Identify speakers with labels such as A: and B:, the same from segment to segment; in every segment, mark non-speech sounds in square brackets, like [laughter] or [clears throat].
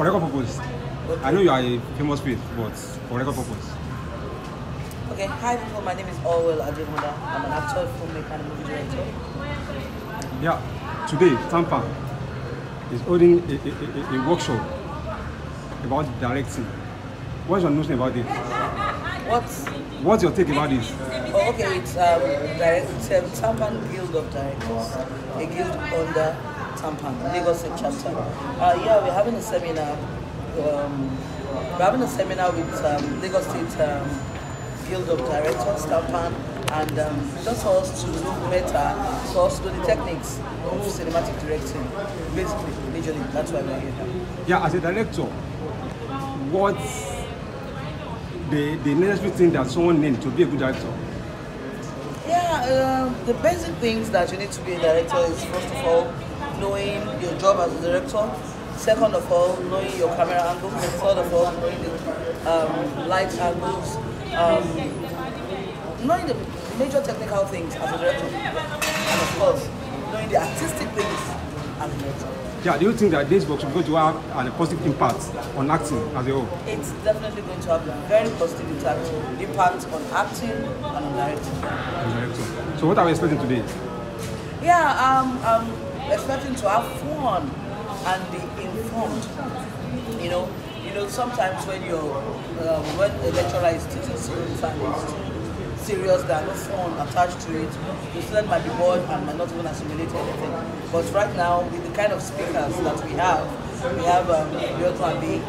A: for record purpose. Okay. I know you are a famous face, but for record purpose.
B: Okay, hi people, my name is Orwell Ademola. I'm an actor, filmmaker, and movie director.
A: Yeah, today Tampa is holding a, a, a, a workshop about directing. What's your notion about this?
B: What?
A: What's your take about this?
B: Oh, okay, it's um, direct, it's, um, Tampan Guild of Directors, a guild under Sampan, Lagos chapter. Uh, yeah, we're having a seminar. Um, we're having a seminar with um, Lagos State um, Guild of Directors, Sampan, and um, just for us to look better, for us to do the techniques of cinematic directing. Basically, majorly, that's why we're here.
A: Yeah, as a director, what's the, the necessary thing that someone needs to be a good director?
B: Yeah, uh, the basic things that you need to be a director is first of all knowing your job as a director. Second of all, knowing your camera angles. And third of all, knowing the um, light angles. Um, knowing the major technical things as a director. And of course, knowing the artistic things as
A: a director. Yeah, do you think that this workshop is going to have a positive impact on acting as a whole?
B: It's definitely going to have a very positive impact, impact on acting and on
A: directing. So what are we expecting today?
B: Yeah, um, um, expecting to have fun and be informed. You know, you know sometimes when you're um, when a lecturer is teaching serious and it's serious, there are no fun attached to it. The student might be bored and might not even assimilate anything. But right now, with the kind of speakers that we have, we have um, the,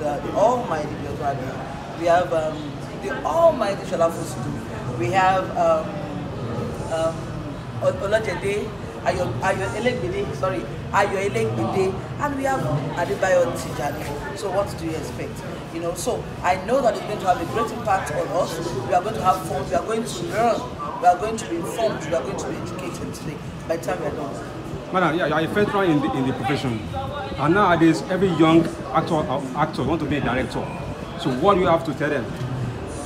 B: the almighty Bioto We have um, the almighty Shalafustu. We have um, um, Olajede Ayọ̀ Ayọ̀ Elegbede, sorry, Ayọ̀ Elegbede, and we have Adebayo Tijani. So what do you expect? You know, so I know that it's going to have a great impact on us. We are going to have fun. We are going to learn. We are going to be informed. We are going to be educated today. By the time we are done.
A: Madam, yeah, you are a veteran in the, in the profession. And nowadays, every young actor uh, actor wants to be a director. So what do you have to tell them?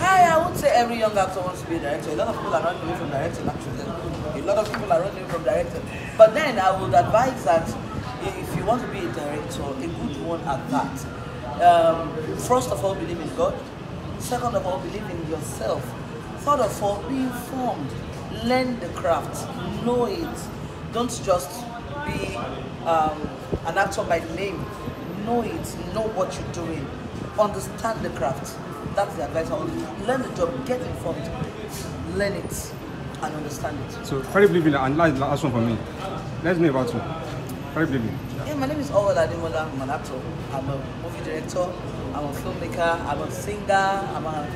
B: I, I would say every young actor wants to be a director. A lot of people are not away from directing actually. lot of people are running from directors. But then I would advise that if you want to be a director, a good one at that, um, first of all, believe in God. Second of all, believe in yourself. Third of all, be informed. Learn the craft. Know it. Don't just be um, an actor by name. Know it. Know what you're doing. Understand the craft. That's the advice I would Learn the job. Get informed. Learn it and understand it.
A: So Ferry Believing, and last, last one for me. Let's know about you. Ferry Believing.
B: Yeah, my name is Owel Ademola. I'm an actor. I'm a movie director. I'm a filmmaker. I'm a singer. I'm a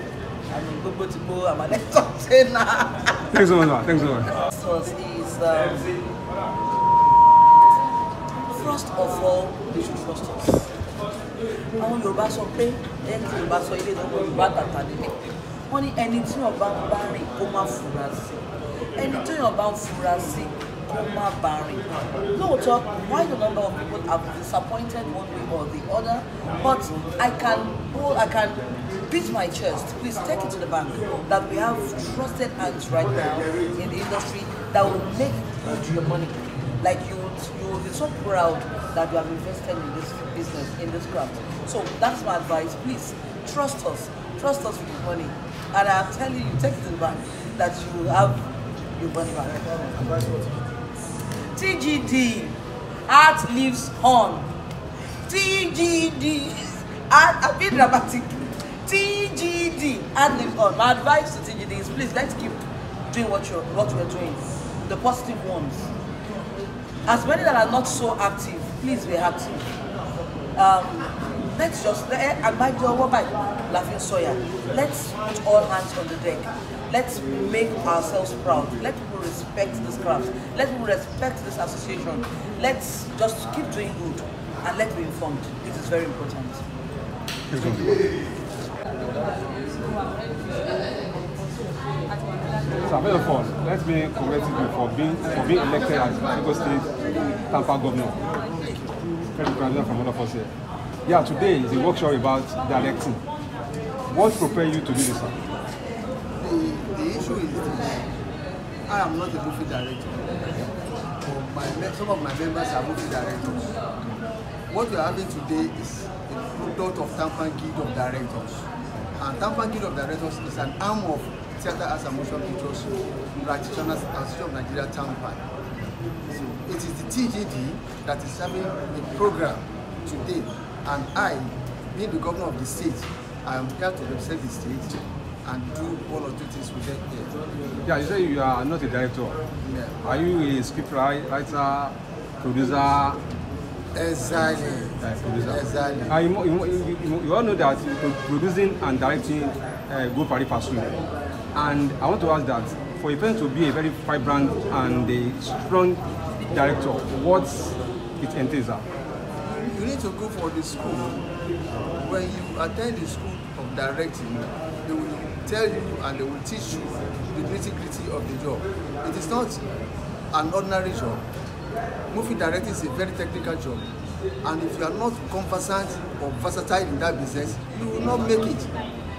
B: I'm a Bobo Tibo. I'm an [laughs] entertainer.
A: Thanks so much. Thanks so much.
B: First is um, first of all, they should trust us. I want your pé ẹni tí your sọ ilé ìdókòwò Yorùbá tàtà go Wọ́n at the tí ọba ń bá rìn kó má fura sí ẹni téèyàn bá ń fura sí kó má bá rìn lóòótọ́ wide number of people have disappointed one way or the other but I can hold I can beat my chest please take it to the bank that we have trusted hands right now in the industry that will make it you your money like you you will be so proud that you have invested in this business, in this craft. So that's my advice. Please trust us. Trust us with your money. And I'm telling you, take it to the bank that you will have TGD, art lives on. TGD, art, I've been dramatic. TGD, art lives on. My advice to TGD is please let's keep doing what you're what we're doing, the positive ones. As many that are not so active, please be active. Um, let's just let, eh, and by the way, by Laughing soya, ah, let's put all hands on the deck. Let's make ourselves proud. Let people respect this craft. Let people respect this association. Let's just keep doing good and let's be informed. This is very important.
A: of Fon, let me congratulate you for being for being elected as Lagos State Tampa Governor. Congratulations from all of us here. Yeah, today is a workshop about directing. What prepared you to do this? Sir?
C: the issue is this. I am not a movie director. My, some of my members are movie directors. What we are having today is a product of Tampan Guild of Directors. And Tampan Guild of Directors is an arm of Theatre Arts and Motion Pictures Practitioners Association of Nigeria Tampan. So it is the TGD that is having a program today. And I, being the governor of the state, I am here to represent the state and do one or two things with them here. Yeah, you say
A: you are not a director. Yeah. Are you a script writer, producer? Exactly. Yeah, producer. Exactly. Uh, you, you, you, you all know that producing and directing uh, go very passu. And I want to ask that for a person to be a very vibrant and a strong director, what it entails?
C: You need to go for the school. When you attend the school of directing, tell you and they will teach you the nitty gritty of the job. It is not an ordinary job. Movie directing is a very technical job. And if you are not conversant or versatile in that business, you will not make it.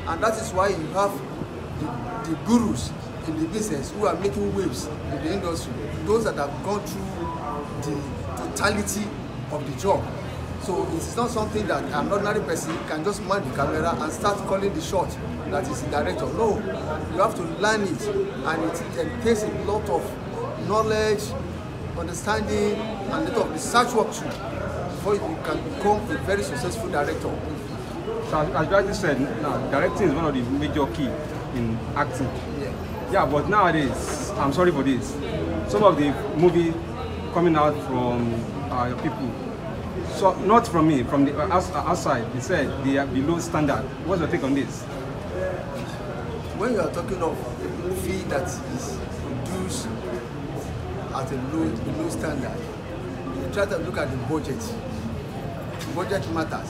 C: And that is why you have the, the gurus in the business who are making waves in the industry. Those that have gone through the totality of the job So it's not something that an ordinary person can just mount the camera and start calling the shot that is the director. No, you have to learn it and it entails a lot of knowledge, understanding and a lot of research
A: work too before you can become a very successful director. So as, as you rightly said, now, directing is one of the major key in acting. Yeah. Yeah, but nowadays, I'm sorry for this, some of the movie coming out from uh, people So not from me, from the uh, uh, outside. They said they are below standard. What's your take on this? When you are talking of a movie that is
C: produced at a low, low standard, you try to look at the budget. Budget matters.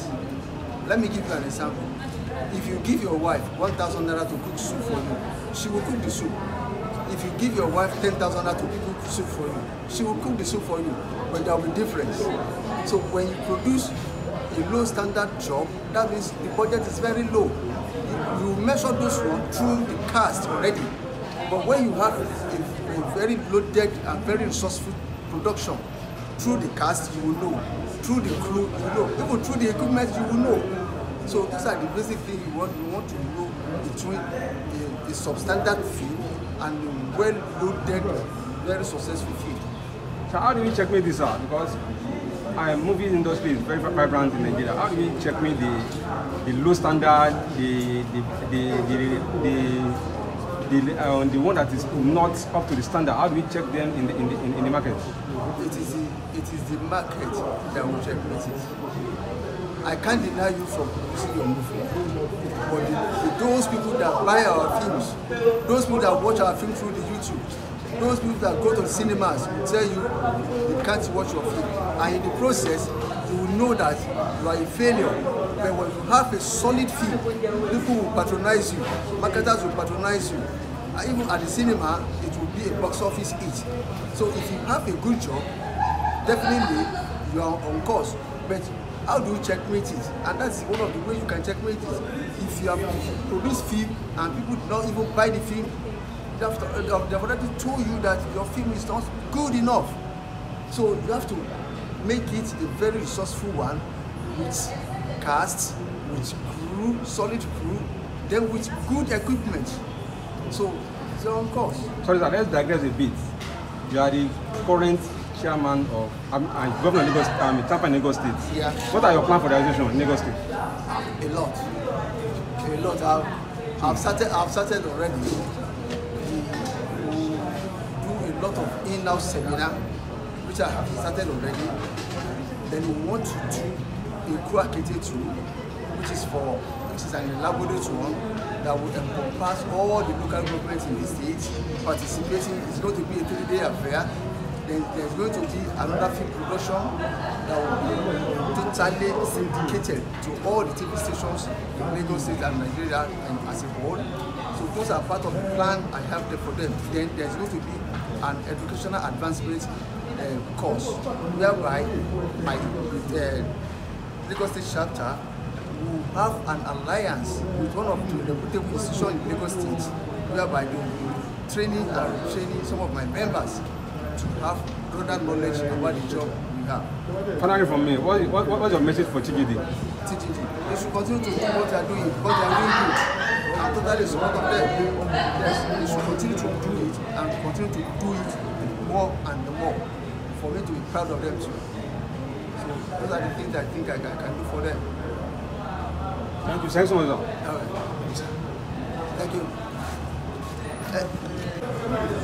C: Let me give you an example. If you give your wife 1,000 naira to cook soup for you, she will cook the soup. If you give your wife 10,000 naira to cook soup for you, she will cook the soup for you, but there will be difference. So when you produce a low standard job, that means the budget is very low. You measure those ones through the cast already. But when you have a, a very loaded and very resourceful production, through the cast you will know, through the crew you will know, even through the equipment you will know. So these are the basic things you want you want to know between the a substandard field and the
A: well-loaded, very successful field. So how do we checkmate this out? Because Our um, movie industry is very vibrant in Nigeria. How do we me the the low standard, the the the the, the, the, uh, the one that is not up to the standard? How do we check them in the in the, in, in the market?
C: It is the, it is the market that will check it. I can't deny you from seeing your movie, but the, the, those people that buy our films, those people that watch our film through the YouTube, Those people that go to the cinemas will tell you you can't watch your film. And in the process, you will know that you are a failure. But when you have a solid film, people will patronize you, marketers will patronize you. And even at the cinema, it will be a box office hit. So if you have a good job, definitely you are on course. But how do you checkmate it and that's one of the ways you can checkmate it if you have produced film and people do not even buy the film Uh, um, they've already told you that your film is not good enough. So you have to make it a very resourceful one with cast, with crew, solid
A: crew, then with good equipment. So it's on course. Sorry, sir, let's digress a bit. You are the current chairman of um, uh, governor Lagos, um, Tampa Lagos State. Yeah. What are your plans for the organization in Lagos State?
C: A lot, a lot. I've, I've started. I've started already lot of in-house seminar which I have started already. Then we want to do a co-architecture tool, which is for which is an elaborate one that will encompass all the local governments in the state participating. It's going to be a three-day affair. Then there's going to be another film production that will be totally syndicated to all the TV stations in Lagos State and Nigeria and as a whole. So those are part of the plan I have there for them. Then there's going to be an educational advancement uh, course whereby my uh, Lagos State chapter will have an alliance with one of the reputable institutions in Lagos State whereby they will be training and retraining some of my members to have broader knowledge about the job we have.
A: Finally from me, what, what, what's your message for TGD?
C: TGD, you should continue to do what you are doing because you are doing good. I'm totally supportive of them. Yes, you should continue to do and continue to do it more and more for me to be proud of them too. So those are the things I think I, I can do for them. Thank you. Thanks so much. Thank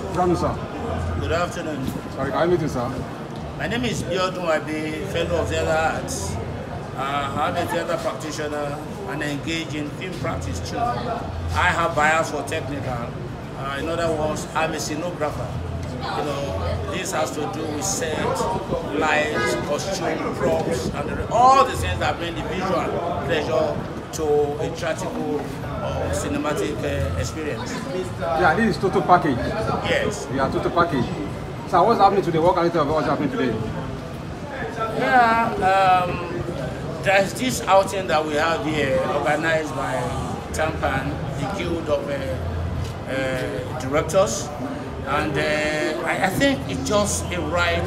A: you. Good afternoon, sir.
D: Good afternoon. Sorry, i I with you, sir? My name is Biodun Abe, Fellow of Theatre Arts. Uh, I'm a theatre practitioner and engage in film practice too.
E: I
D: have bias for technical Uh, in other words, I'm a scenographer. You know, this has to do with set, lights,
E: costume,
D: props, and all the things that bring the visual pleasure to a theatrical
A: or cinematic uh, experience. Yeah, this is total package. Yes. Yeah, total package. So what's happening today? What kind of what's happening today?
D: Yeah, um, there's this outing that we have here organized by Tampan, the Guild of uh, Uh, directors. And uh, I, I think it's just a right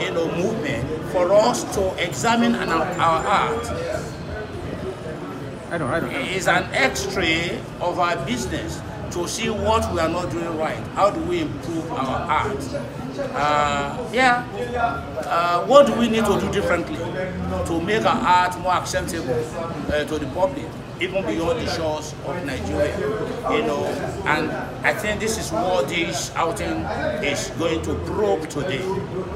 D: you know, movement for us to examine an, our, our art. I don't, I don't, I It's an x-ray of our business to see what we are not doing right. How do we improve our art?
F: Uh, yeah.
D: Uh, what do we need to do differently to make our art more acceptable uh, to the public? even beyond the shores of Nigeria. You know, and I think this is what this outing is going to probe today.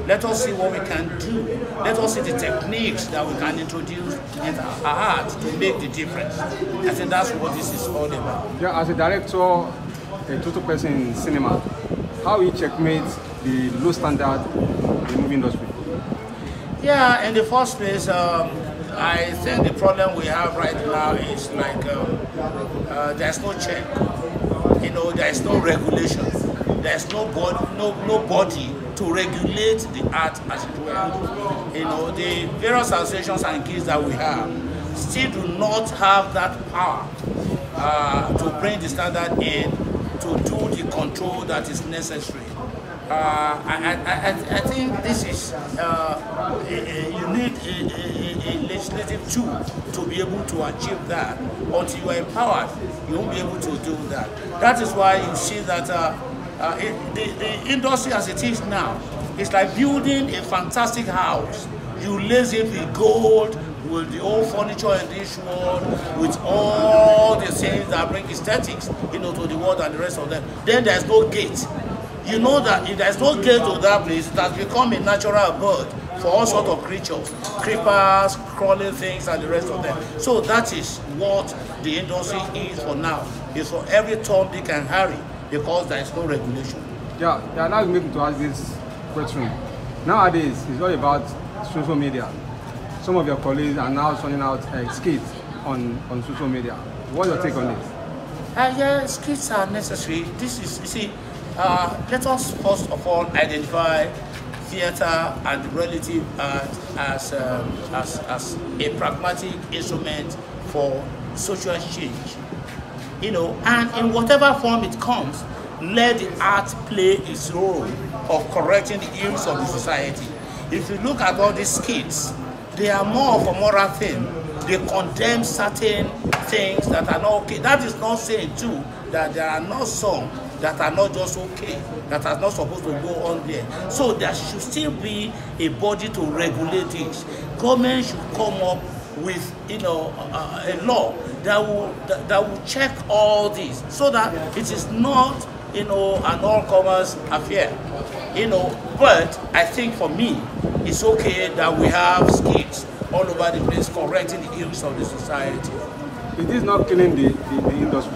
D: Let us see what we can do. Let us see the techniques that we can introduce in our art to make the difference. I think that's
A: what this is all about. Yeah, as a director, a total person in cinema, how we checkmate the low standard in the movie industry?
D: Yeah, in the first place, um, I think the problem we have right now is like um, uh, there's no check, you know, there's no regulation, there's no body, no nobody to regulate the art as it were. You know, the various associations and guilds that we have still do not have that power uh, to bring the standard in to do the control that is necessary. Uh, I, I, I, think this is, uh, you need a, a, a legislative tool to be able to achieve that. Until you are empowered, you won't be able to do that. That is why you see that uh, uh, it, the, the industry as it is now, it's like building a fantastic house. You lace it with gold, with the old furniture in this world, with all the things that bring aesthetics, you know, to the world and the rest of them. Then there's no gate. You know that if there's no gate to that place, it has become a natural birth. for all sorts of creatures, creepers, crawling things, and the rest of them. So that is what the industry
A: is for now. It's for every Tom, Dick, and Harry because there is no regulation. Yeah, yeah. Now you me to ask this question. Nowadays, it's all about social media. Some of your colleagues are now sending out uh, skits on, on social media. What's your take on this?
D: Uh, yeah, skits are necessary. This is, you see, uh, let us first of all identify theater and relative art as, um, as, as a pragmatic instrument for social change. You know, and in whatever form it comes, let the art play its role of correcting the ills of the society. If you look at all these kids, they are more of a moral thing. They condemn certain things that are not okay. That is not saying too that there are not some that are not just okay, that are not supposed to go on there. So there should still be a body to regulate it. Government should come up with you know uh, a law that will that, that will check all this so that it is not you know an all comers affair you know but i think for me it's okay that we have skits all over the place correcting the ills of the society it is not killing the, the, the industry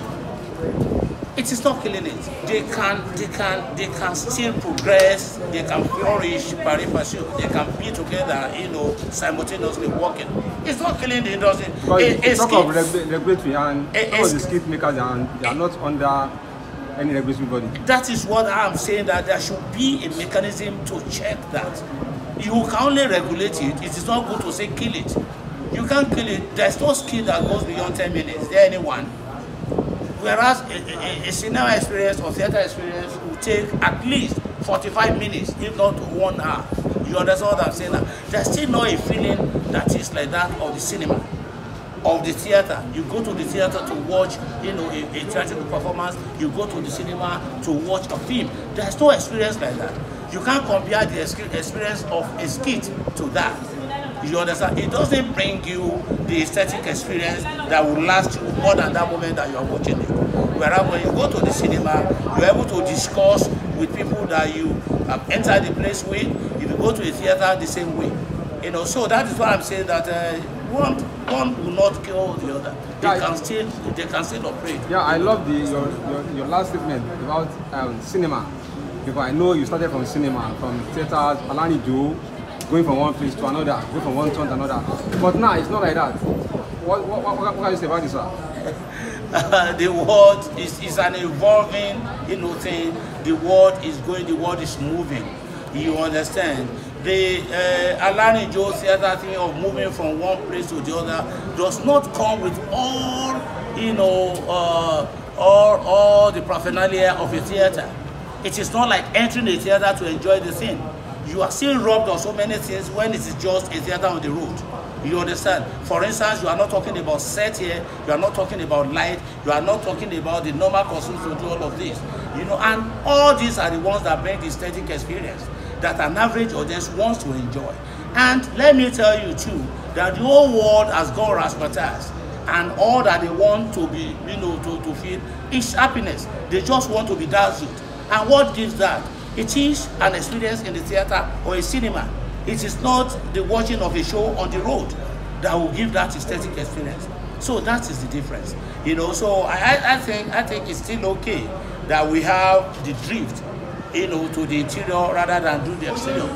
D: it is not killing it. They can, they can, they can still progress. They can flourish pari passu. They can be together, you know,
A: simultaneously
D: working. It's not killing the industry. But you a talk skip, of
A: regulatory and a, the skip makers and they are not under any regulatory body. That is what I am saying. That
D: there should be a mechanism to check that. You can only regulate it. It is not good to say kill it. You can't kill it. There's no skill that goes beyond 10 minutes. Is There anyone. Whereas a, a, a cinema experience or theater experience will take at least 45 minutes, if not one hour. You understand what I'm saying? Now? There's still not a feeling that is like that of the cinema, of the theater. You go to the theater to watch, you know, a, a theatrical performance. You go to the cinema to watch a film. There's no experience like that. You can't compare the experience of a skit to that. You understand? It doesn't bring you the aesthetic experience that will last you more than that moment that you are watching it. Whereas when you go to the cinema, you are able to discuss with people that you have entered the place with. If you go to a theater, the same way. You know, so that
A: is why I'm saying that uh, one one will not kill the other. They yeah, can still they can still operate. Yeah, I love the your your, your last statement about um, cinema because I know you started from cinema, from theaters, Alani Joe, going from one place to another, going from one town to another. But now it's not like that. What, what, what, what can you say about this, sir?
D: [laughs] the world is, is an evolving, you know, thing. The world is going, the world is moving. You understand? The uh, Alanijo theater thing of moving from one place to the other does not come with all, you know, uh, all, all the paraphernalia of a theater. It is not like entering a theater to enjoy the scene you are still robbed of so many things when it is just a theater on the road. You understand? For instance, you are not talking about set here, you are not talking about light, you are not talking about the normal costumes to do all of this. You know, and all these are the ones that bring the aesthetic experience that an average audience wants to enjoy. And let me tell you too, that the whole world has gone razzmatazz and all that they want to be, you know, to, to feel is happiness. They just want to be dazzled. And what gives that? It is an experience in the theater or a cinema. It is not the watching of a show on the road that will give that aesthetic experience. So that is the difference. You know, so I, I think I think it's still okay that we have the drift, you know, to the interior rather than do the exterior.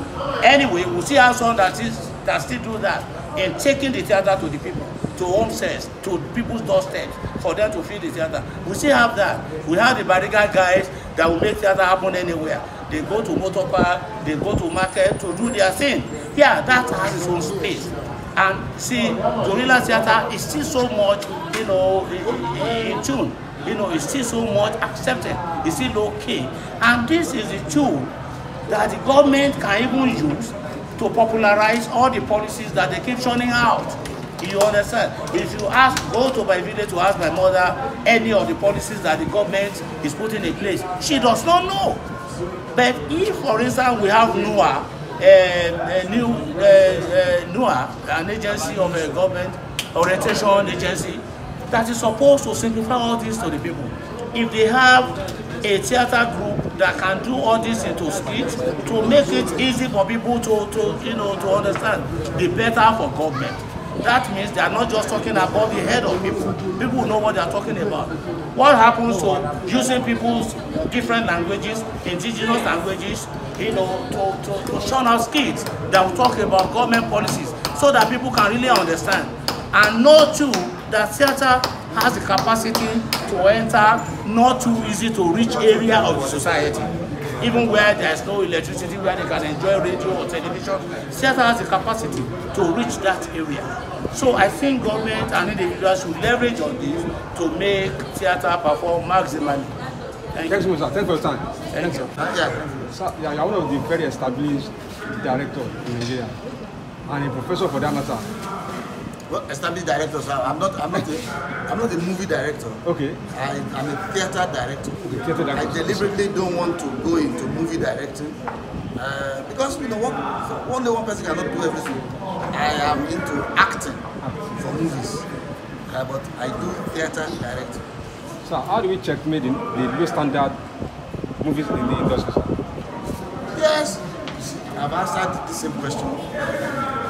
D: Anyway, we see how some that is that still do that in taking the theater to the people, to home sales, to people's doorsteps, for them to feel the theater. We still have that. We have the barriga guys that will make theater happen anywhere. They go to motor park, they go to market to do their thing. Yeah, that has its own space. And see, Gorilla Theatre is still so much, you know, in, in tune. You know, it's still so much accepted. It's still okay. And this is the tool that the government can even use to popularize all the policies that they keep churning out. You understand? If you ask, go to my village to ask my mother any of the policies that the government is putting in place, she does not know. But if, for instance, we have NOAA, a eh, eh, new uh, eh, NOAA, an agency of a government orientation agency, that is supposed to simplify all this to the people. If they have a theater group that can do all this into script to make it easy for people to, to you know to understand, the better for government. That means they are not just talking about the head of people. People know what they are talking about. What happens to using people's different languages, indigenous languages, you know, to, to, to shun out kids that will talk about government policies so that people can really understand. And know too that theatre has the capacity to enter not too easy to reach area of the society even where there is no electricity, where they can enjoy radio or television, theater has the capacity to reach that area. So I think government and individuals should leverage on this to make
A: theater perform maximally. Thank Thanks, you. Sir. Thanks for your time. Thank you. Sir. Yeah. Sir, one of the very established directors in Nigeria and a professor for that matter. well, established director. So I'm not, I'm not, a, I'm not a movie director.
G: Okay. I, am a theater director. Okay, theater director. I deliberately don't want to go into movie directing uh, because you know one, one day one person cannot do everything. I
A: am into acting for movies, uh, but I do theater directing. So how do we check checkmate the, new standard movies in the industry? Yes, I've answered the same question.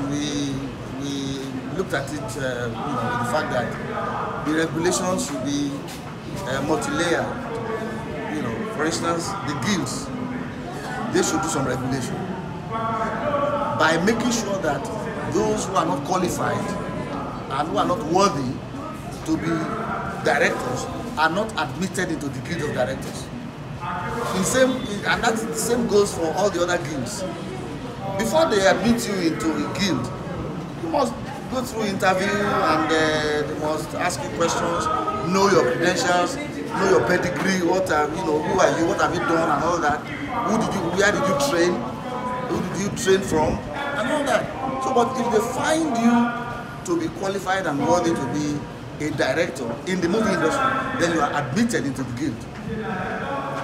G: and we we looked at it uh, you know, the fact that the regulations should be uh, multi-layer. You know, for instance, the guilds, they should do some regulation by making sure that those who are not qualified and who are not worthy to be directors are not admitted into the guild of directors. The same, and that the same goes for all the other guilds before they admit you into a guild, you must go through interview and uh, they must ask you questions, know your credentials, know your pedigree, what have um, you know, who are you, what have you done, and all that. Who did you, where did you train, who did you train from, and all that. So, but if they find you to be qualified and worthy to be a director in the movie industry, then you are admitted into the guild.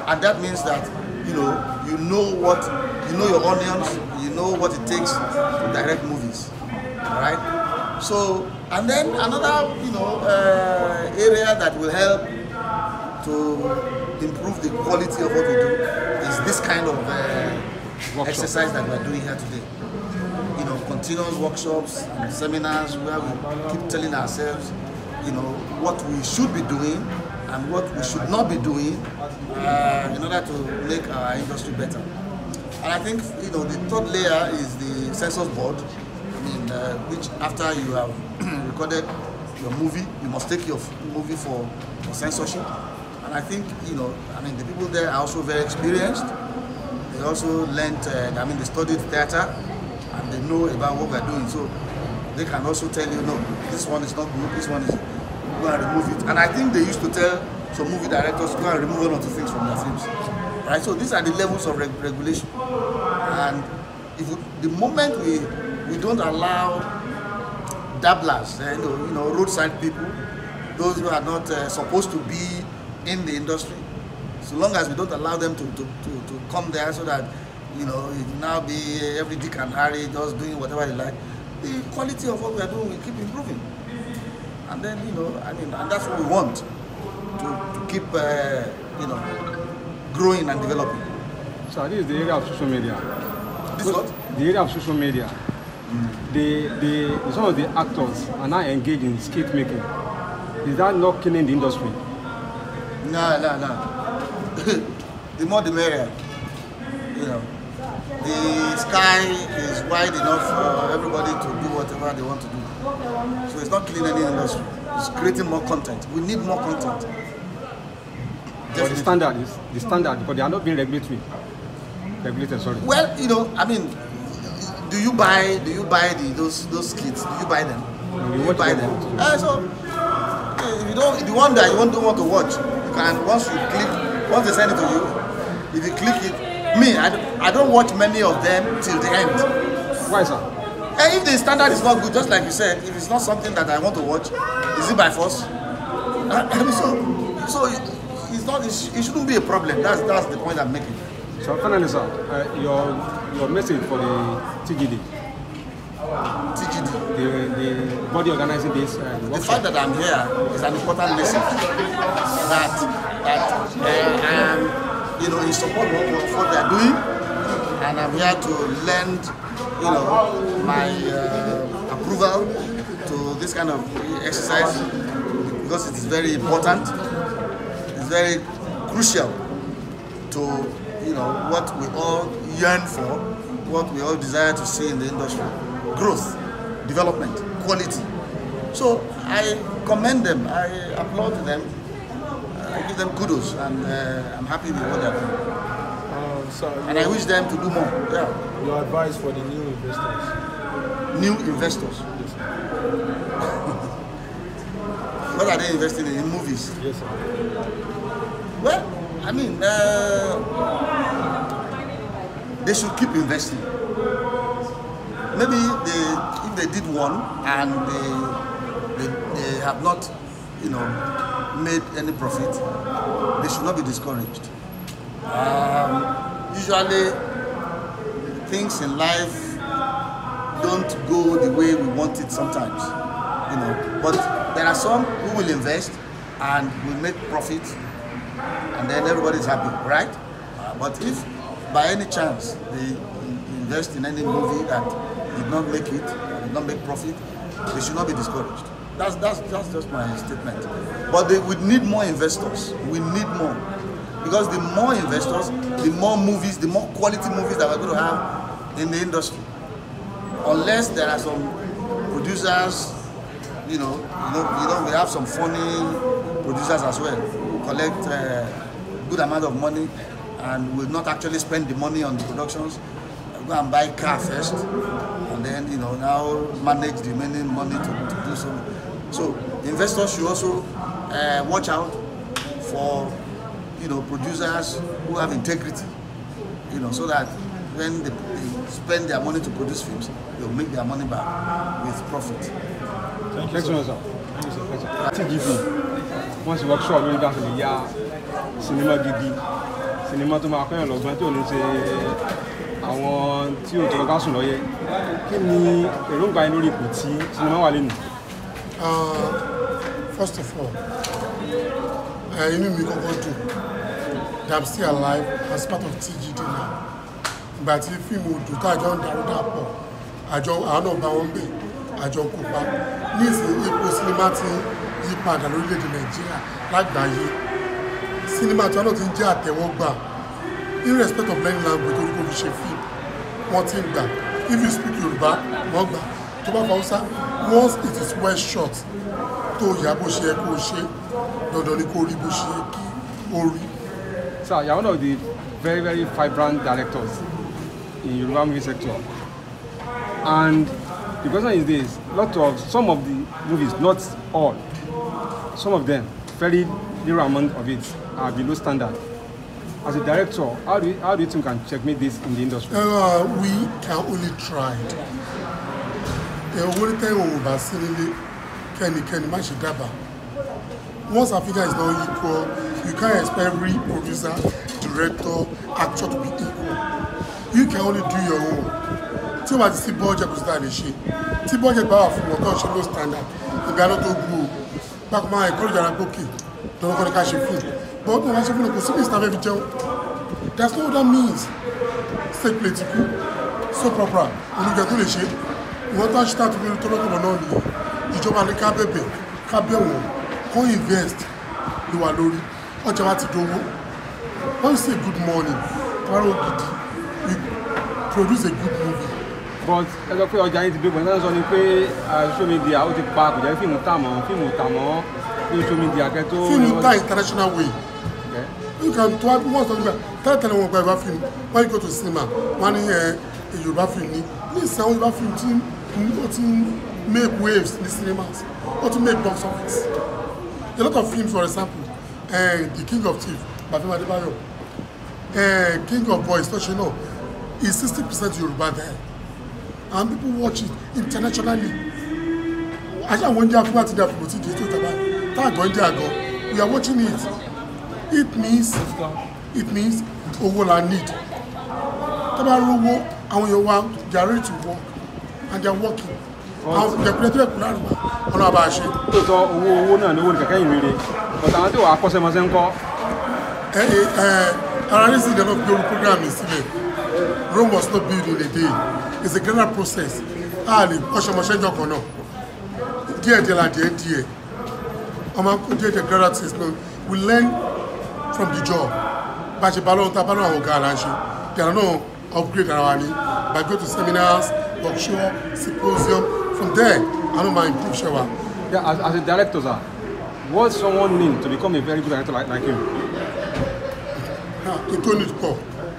G: And that means that you know, you know what, you know your audience, you know what it takes to direct movies, right? So, and then another, you know, uh, area that will help to improve the quality of what we do is this kind of uh, exercise that we're doing here today. You know, continuous workshops, seminars where we keep telling ourselves, you know, what we should be doing and what we should not be doing uh, in order to make our industry better. And I think you know the third layer is the census board. I mean, uh, which after you have [clears throat] recorded your movie, you must take your movie for, for censorship. And I think you know, I mean, the people there are also very experienced. They also learned, uh, I mean, they studied theater, and they know about what we are doing. So they can also tell you, no, this one is not good, this one is go and remove it. And I think they used to tell some movie directors to go and remove one or two things from their films. Right? So these are the levels of reg regulation. And if we, the moment we we don't allow dabblers, uh, you, know, you know, roadside people, those who are not uh, supposed to be in the industry, so long as we don't allow them to, to, to, to come there so that you know it now be every dick and harry just doing whatever they like, the quality of what we are doing will keep improving. And then, you know, I mean, and that's what we want to, to keep, uh, you
A: know, growing and developing. So this is the area of social media. This what? The area of social media. Mm. The, the, some of the actors are now engaged in skate making. Is that not killing the industry? No, no, no. the more the merrier. You know,
G: the sky is wide enough for everybody to do whatever they want to do. So it's not killing
A: any industry. It's creating more content. We need more content. But the standard is the standard because they are not being regulatory. Regulated, sorry. Well, you know, I mean,
G: do you buy do you buy the those those kits? Do you buy them? No, you, do you buy them. Uh, so if you don't, the one that you don't want to watch, you can once you click, once they send it to you, if you click it, me, I don't, I don't watch many of them till the end. Why, sir? And if the standard is not good, just like you said, if it's not something that I want to watch, is it by force? [coughs] so, so it's not. It,
A: shouldn't be a problem. That's that's the point I'm making. So finally, sir, uh, your your message for the TGD. TGD. The, the body organizing this. Uh, the, the fact that I'm here is an important message that that uh, I
G: um, you know, in support of what, what they're doing, and I'm here to lend, you know. my uh, approval to this kind of exercise because it is very important. It's very crucial to you know what we all yearn for, what we all desire to see in the industry: growth, development, quality. So I commend them. I applaud them. I give them kudos, and uh, I'm happy with what they're doing. Uh, so and I wish them to do more. Yeah. Your advice for the new investors new investors. [laughs] what are they investing in? in movies? Yes, sir. Well, I mean, uh, they should keep investing. Maybe they, if they did one and they, they, they have not, you know, made any profit, they should not be discouraged. Um, usually, things in life don't go the way we want it sometimes. You know, but there are some who will invest and will make profit, and then everybody's happy, right? Uh, but if by any chance they invest in any movie that did not make it, did not make profit, they should not be discouraged. That's, that's, that's just my statement. But they, we need more investors. We need more. Because the more investors, the more movies, the more quality movies that we're going to have in the industry unless there are some producers, you know, you know, you know, we have some funny producers as well who collect uh, good amount of money and will not actually spend the money on the productions. Go and buy car first, and then you know now manage the remaining money to, to do so. So investors should also uh, watch out for you know producers who have integrity, you know, so that when the, the spend
A: their money to produce films, they'll make their money back with profit. Thank you, sir. Thank you, sir. Thank you, sir. Wọ́n sì workshop lórí bá a ṣe lè ya sinimá gidi sinimá tó máa kọ́yàn lọ́gbọ́n tí ò ní ṣe àwọn tí ò tọrọ ká sùn lọ́yẹ. Kí ni èròǹgbà yín lórí ipò tí sinimá wà lẹ́nu?
H: Uh, first of all,
A: uh, inú mi kọ́kọ́ dùn
H: that I'm still alive as part of TGD now ìgbà tí fíìmù odò tájọ ń darú dàpọ̀ àjọ àánà bá wọn gbé àjọ kópa nísìnyí ipò sinimá ti yí padà lórílẹ̀‐èdè nàìjíríà lágbàáyé sinimá tí wọn náà ti ń jẹ́ àtẹ̀wọ́gbà irrespect of learning language orúkọ fi ṣe fíìmù wọn ti ń gbà if you speak yorùbá wọn gbà tó bá fọwọ́sá once it is well shot
A: tó yà bó ṣe yẹ kó ṣe dandan ni kó rí bó ṣe yẹ kí ó rí. sir you are one of the very very vibrant directors in Yoruba movie sector. And the question is this, lot of, some of the movies, not all, some of them, very little amount of it are below standard. As a director, how do you, how do you think can checkmate this in the industry?
H: Uh, we can only try. Owó tẹ́ òun bá seen nílé kẹ́nikẹ́ni má ṣe dábàá. Once Africa is not equal, you can't expect every producer, director, actor to be equal you can only do your own tí o bá ti sí budget kò sí tàà lè ṣe tí budget bá wà fún wọn tó ń ṣe low standard ìgbà ló tó gbó o bákan máa ẹ̀kọ́ ìjàrá gòkè lọ́wọ́ kọ́ni ká ṣe fún un but wọ́n ṣe fún un kò sí mr fẹ́ fi jẹun there's no other means state plate kú so proper olùjẹ tó lè ṣe ìwọ́n tó ń ṣe tààtù lórí tọ́lọ́tọ̀lọ́ náà nìyẹn ìjọba ní ká bẹ̀bẹ̀ ká bẹ̀ wọ́n kó invest ló wà lórí ọjà wa ti dowó wọ́n ń ṣe good morning wọ́n rò produce a good movie.
A: but ẹ sọ pé ọjà yín ti dógbọ̀n náà sọ ni pé social media ó ti pa kò jẹ́ fíìmù tàmọ́ fíìmù tàmọ́ social media kẹ́ tó. fíìmù ta international way nǹkan
H: tó wọ́n sọ nígbà tẹ́lẹ̀tẹ́lẹ̀ wọn gba Yorùbá fíìmù wọ́n ní kó tó sinimá wọ́n ní Yorùbá fíìmù ní ní ìsìn àwọn Yorùbá fíìmù tí ó ti make waves ní cinemas ó ti make box office a lot of films for example uh, The King of Thieves Bafin Adébáyọ̀ uh, King of Boys tó ṣe náà is 60% Yoruba there. And people watch it internationally. Aṣá àwọn oúnjẹ afúnwá ti dà fún òtí ìdíyẹ tó tàbá tá àgọ́ oúnjẹ We are watching it. It means it means owó la need. Tábà rówó àwọn èèyàn wa they are ready to work and they are working.
A: Àwọn ìjẹ̀kúlẹ̀ tó ẹ̀kú láàrúbá ọ̀nà àbá ṣe. Lóòótọ́ owó owó náà ni owó ní kẹ̀kẹ́ ìrere. Ọ̀tà àwọn tí wàá kọ́ṣẹ́mọṣẹ́ ń kọ́. Ẹ ẹ ara ní sí ìdánwò pé orí program yìí sílẹ̀. Rome was not built in a day
H: it's a gradual process a lè kọ́ṣọmọṣẹ́ jọkàn náà díẹ̀ díẹ̀ la díẹ̀ díẹ̀ ọmọ akó díẹ̀ díẹ̀ gradual things no we learn from the job bá a ṣe bá lọ́wọ́ tá a bá lọ́wọ́ àwọn ọ̀gá ara ṣe gàrà náà upgrade ara wa ni by go to
A: seminars workshop symposium from there i know my improve ṣe wa. yeah as as a director sir what someone need to become a very good director like like you.
H: to turn it poor.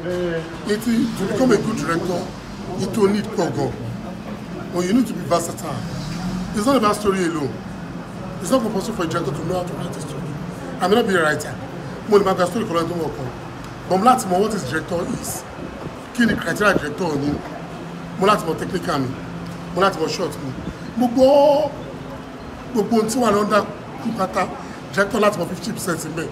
H: Eh, it to become a good director, you don't need pogo. But you need to be versatile. It's not about story alone. It's not compulsory for a director to know how to write a story. I may not be a writer. But lè máa gba story kan lọ́dún ọ̀kan. But mo láti mọ what is director is. Kí The criteria director ni? Mo láti mọ technical mi. Mo láti mọ short mi. Gbogbo gbogbo ohun tí wà lọ́dà director láti mọ fifty percent in me.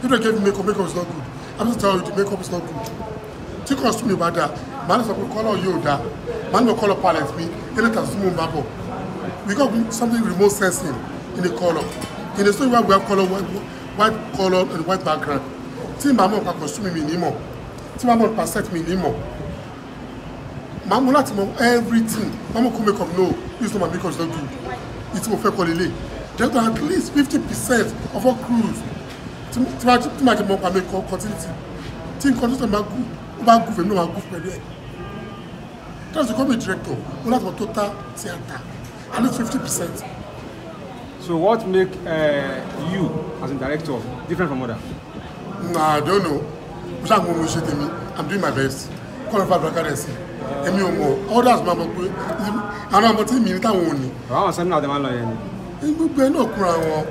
H: You don't get me make up, make up is not good. I'm just telling you the makeup is not good. Think costume bá dáa, màá lè sọ pé colour yóò dáa, màá lè colour palette me. eléyìí tàbí súnmù ń bá We got something remote sensing in the color. In the story where we have color white white color and white background. Tí màá mọ̀ pa costume mi ní mọ̀, tí màá mọ̀ set me anymore. mọ̀. Màá mọ̀ láti mọ̀ everything. Màá mọ̀ kó makeup no, this no my makeup is not good. Ìtí mo fẹ́ kọ́ lélẹ̀. Just at least 50 percent of our crews tí màá ti mọ pàmì continuity tí nǹkan tó tẹ̀ gùn ó bá gùn fèmí ó máa gùn pẹ̀lú ẹ̀
A: tọ́lá ti gómìnà director ó láti mọ total theatre at least fifty percent. so what make uh, you as a director different from others. na mm, i don't know mo ṣáà mọ mo ṣe me. i'm doing my best kọ́nà fún abdulkadir ẹ̀sìn
H: èmi ò mọ others máa mọ pé àwọn ọmọ tí mi ní táwọn ò ní.
A: àwọn sẹ́mínà àti àwọn ọlọ́yẹ ni.
H: gbogbo ẹ náà kúra wọn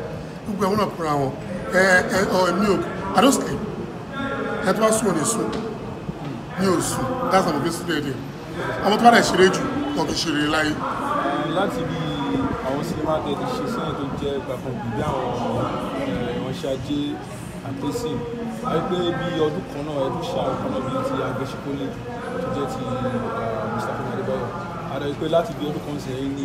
H: gbogbo ẹ náà kúra wọn or a milk i don't sleep ẹ tó bá sùn ò lè sùn ní oṣù that's an obvious day there àwọn tó bá rẹ̀ ṣeré jù wọn kì í ṣeré láyé. láti bí àwọn sinimá tẹ̀lé ṣe sẹ́yìn tó jẹ́ gbàgbọ́n bí àwọn ìránṣẹ́ ajé àtẹ́sìn
A: àìpé bí ọdún kan náà ẹdún ṣàrò kan náà bí ti agbẹ́síkólé tó jẹ́ ti Mustapha Adébáyọ̀ àdàbí pé láti bí ọdún kan sẹ́yìn ní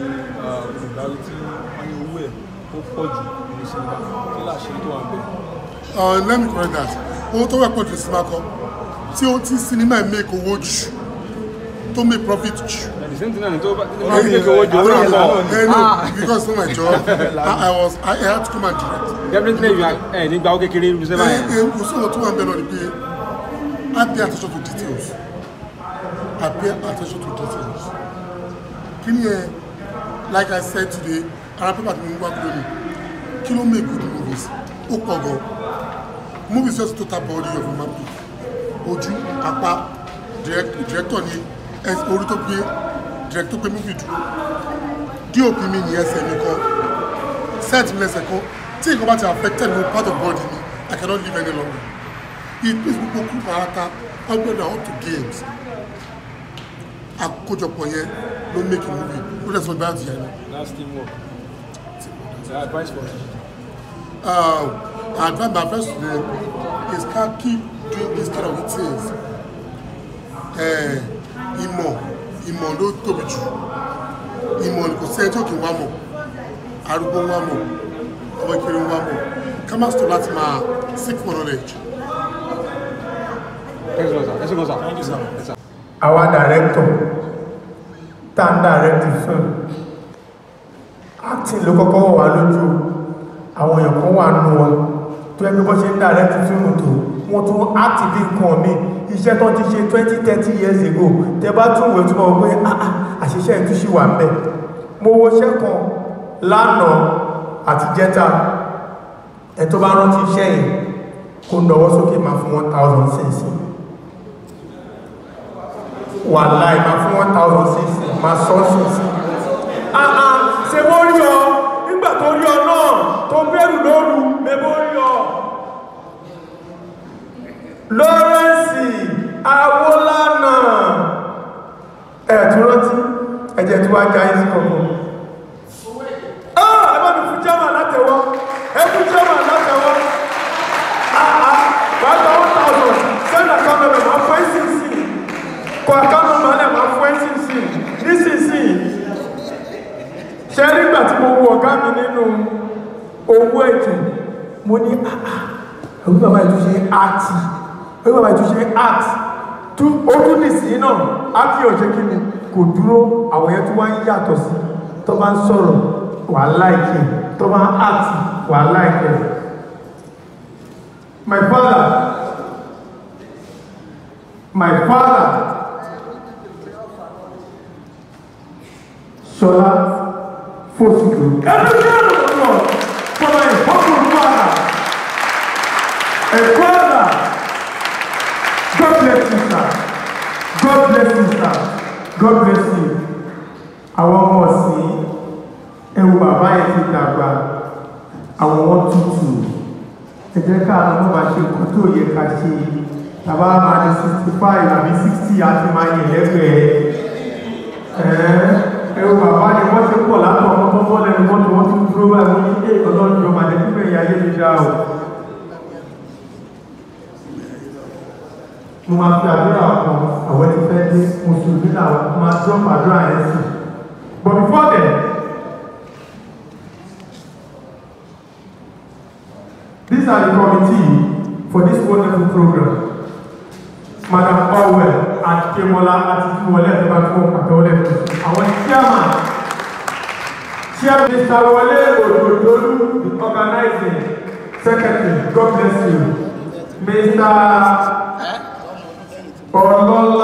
A: olùdarí tí wọ́n ní owó ẹ̀ ó pọ̀ jù ṣe kí láṣìírí tó wà ń
H: bẹ̀. let me correct that owó tó wẹ̀ pọ̀ jù sí makọ tí ó ti sinimá make owó jù tó make profit jù.
A: ẹ̀dísẹ́ ti náà ní tó bá ti make owó jù owó lọ. no ah. because no oh my job [laughs] I, I was I, I had to come and direct. definitely you are ẹ eh, nígbà ó kékeré irú sẹ́fà yẹn.
H: ẹ ẹ kò sọ̀rọ̀ tó wà ń bẹ̀ náà ni pé I pay attention to details I pay attention to details kí ni ẹ like I said today ara pépà tó ń gbà kúrò nìyí kí ló make good movies ó movies just total body of human being ojú apá director ni orí tó gbé director gbé movie dúró dop mi ni ẹsẹ̀ mi kan set mi lẹ́sẹ̀ kan tí nǹkan bá ti affected me part of body mi i cannot live any longer it means gbogbo kú parata all brother all to games àkójọpọ̀ yẹn ló make movie ó dẹ̀ sọ bá ti yẹn.
A: that's teamwork. that's advice for you
H: uh, advice my friends today is can keep doing this kind of things ìmọ̀ eh, ìmọ̀ ló tóbi jù ìmọ̀ ni kò sí ẹjọ́ kì í wá mọ̀ arúgbó ń wá mọ̀ ọmọ ìkéré ń wá mọ̀ ká má sọ láti máa seek for knowledge.
F: àwa dàrẹ́tọ̀ tá a ń dàrẹ́tì fún
A: acting ló kọ́kọ́
F: wà lójú o àwọn èèyàn kan wà nù wọn tó ẹgbẹ́ bọ́ ṣe ń dà lẹ́tí fíìmù tó wọ́n tún áàtìlì kan mi iṣẹ́ tó ti ṣe 20 years ago tẹ bá tún wẹ̀ túnmọ̀ pé ah, ah, àṣìṣe ẹ̀ tún ṣì wà ń bẹ̀ mo wo iṣẹ́ kan lánàá àti jẹ́ta ẹ̀ tó bá rántí iṣẹ́ yìí kó nọwọ́ sókè máa fún 1000 sínsìn wà láì máa fún 1000 sínsìn máa sọ́ ṣe mọ́ rí ọ nígbà tó rí ọ tó bẹ̀rù lóru mẹ́bọ́ rí ọ lọ́rẹ́nsì awólànà ẹ̀túrọ́tí ẹ̀jẹ̀ tó wá jáyé sí kọ̀ọ̀kan nínú owó ẹ̀jẹ̀ mo ní àà ah, ah, ẹ̀rú bàbá ìtúnṣe art ẹ̀rú bàbá ìtúnṣe art ó tún nìsí náà áti ọ̀ṣẹ́ kí ni kò dúró àwọn yẹn tó wá ń yàtọ̀ sí tó bá ń sọ̀rọ̀ wà láìkẹ́ tó bá ń art wà láìkẹ́ my father my father Ṣọlá. So fosse tudo. Campeão, Senhor, como é pouco humana. É God bless you, sir. God bless you, sir. God bless you. Àwọn ọmọ ọ̀sìn ẹ̀wù bàbá yẹn ti dàgbà àwọn ọmọ tútù. Ẹ jẹ́ ká àwọn ọmọ bá ṣe nǹkan tó yẹ ká ṣe. Bàbá máa ní sixty five àbí sixty àti máa yẹ lẹ́gbẹ̀ẹ́ ẹ̀rọ bàbá ni wọ́n ti pọ̀ látọ̀ wọ́n tó bọ́ lẹ́nu mọ́tò wọ́n ti dúró bá ní ilé ọlọ́run jọba ní pípẹ́ mi dá o. mo máa fi àdúrà kan àwọn ti fẹ́ dé mùsùlùmí làwọn máa dọ́ àdúrà yẹn sí. but before then these are the committee for this wonderful program. Madam Powell, àti kémọlá àti kíwọlé àti bàtúwọ àtọwọlé àwọn tíyàmà tíyàmà mr wọlé òdòdólú the organizing secretary god bless you mr ọlọlá.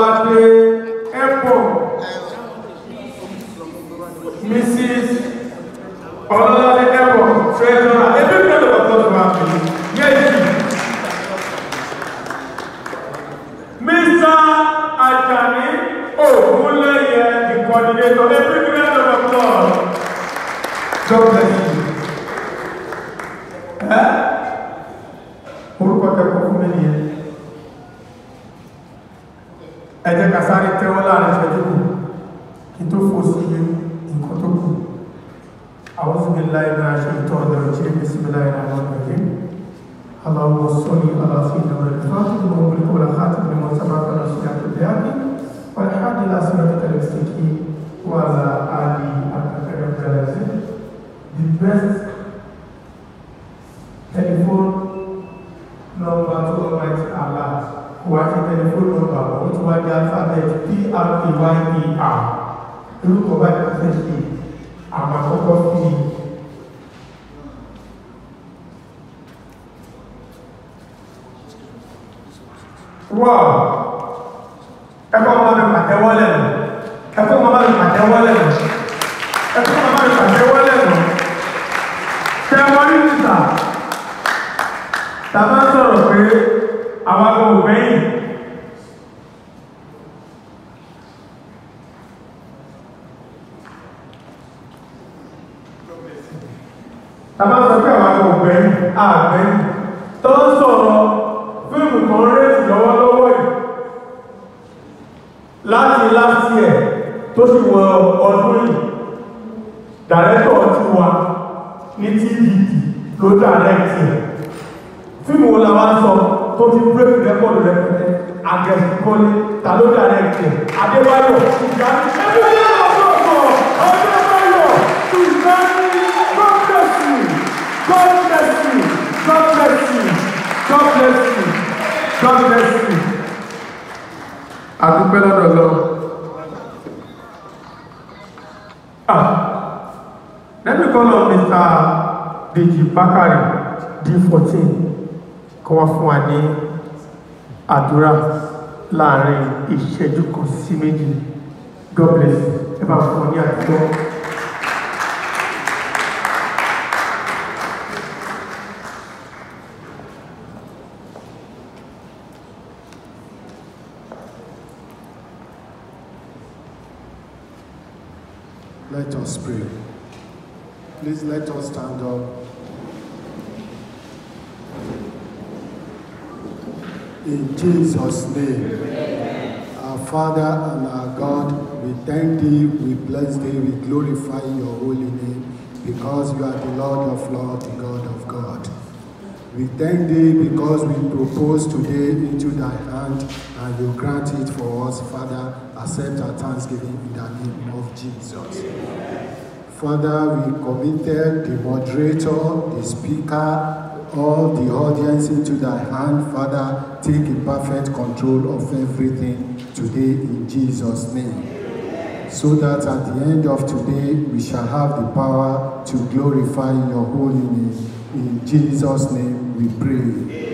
F: Let us pray. Please let us stand up.
C: In Jesus' name. Amen. Our Father and our God, we thank thee, we bless thee, we glorify your holy name, because you are the Lord of Lords, the God of God. We thank thee because we propose today into thy hand, and you grant it for us, Father, accept our thanksgiving
I: in the name of Jesus.
F: Father, we committed the moderator, the speaker, all the audience into thy hand. Father,
C: take a perfect control of everything today in Jesus' name so that at the end of today we shall have the power to glorify your holy name. In Jesus' name we pray. Amen.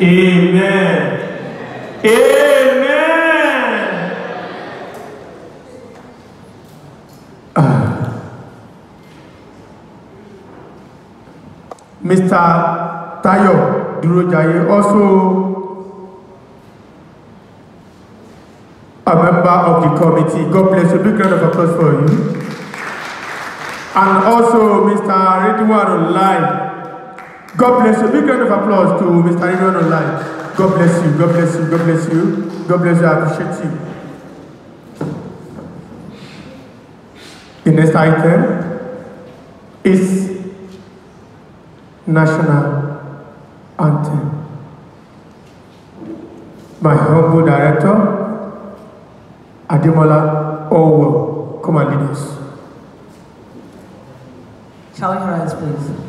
F: Amen. Amen. Uh, Mr. Tayo Durojaye, also a member of the committee. God bless you. Big round of applause for you. And also Mr. Ridwan Online. God bless you. Big round of applause to Mr. Arion Online. God bless you. God bless you. God bless you. God bless you. I appreciate you. The next item is national anthem. My humble director, Ademola Owo, come and lead us. Shall we
B: rise, please?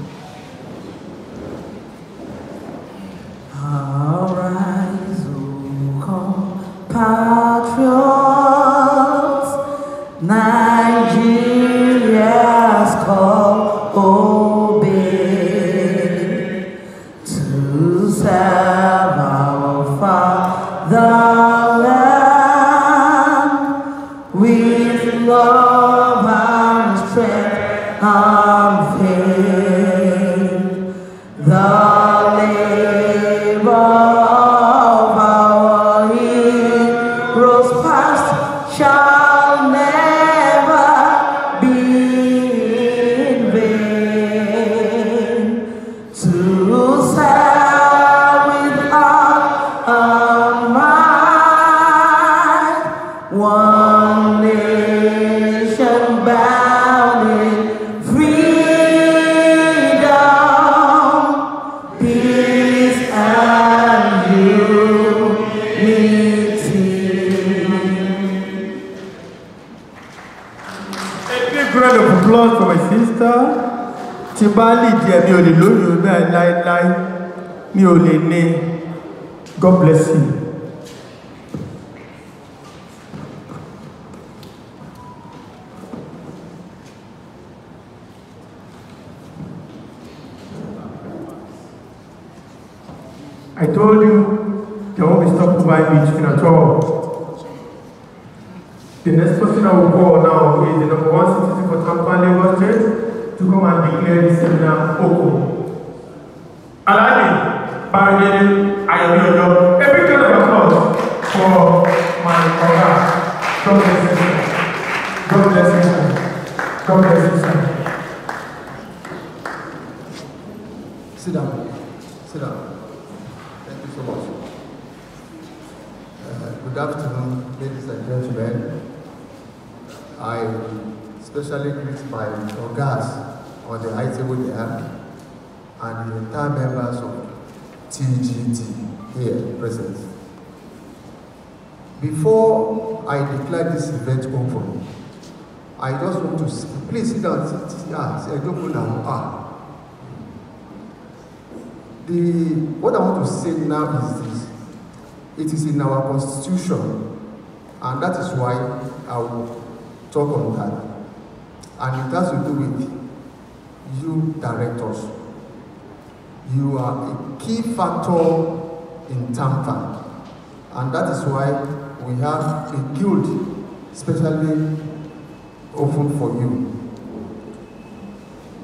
B: love and strength I'm Him.
F: bá lè jẹ mi ò lè lóyún bẹ́ẹ̀ láíláí mi ò lè ní God bless you I told you they won't be stopped by me at all. The next person I will call come ha declare di seminare o
C: to please sit down. Yeah, sit, ah, don't go down. Ah. The, what I want to say now is this. It is in our constitution, and that is why I will talk on that. And it has to do with you directors. You are a key factor in Tampa, and that is why we have a guild, especially open for you.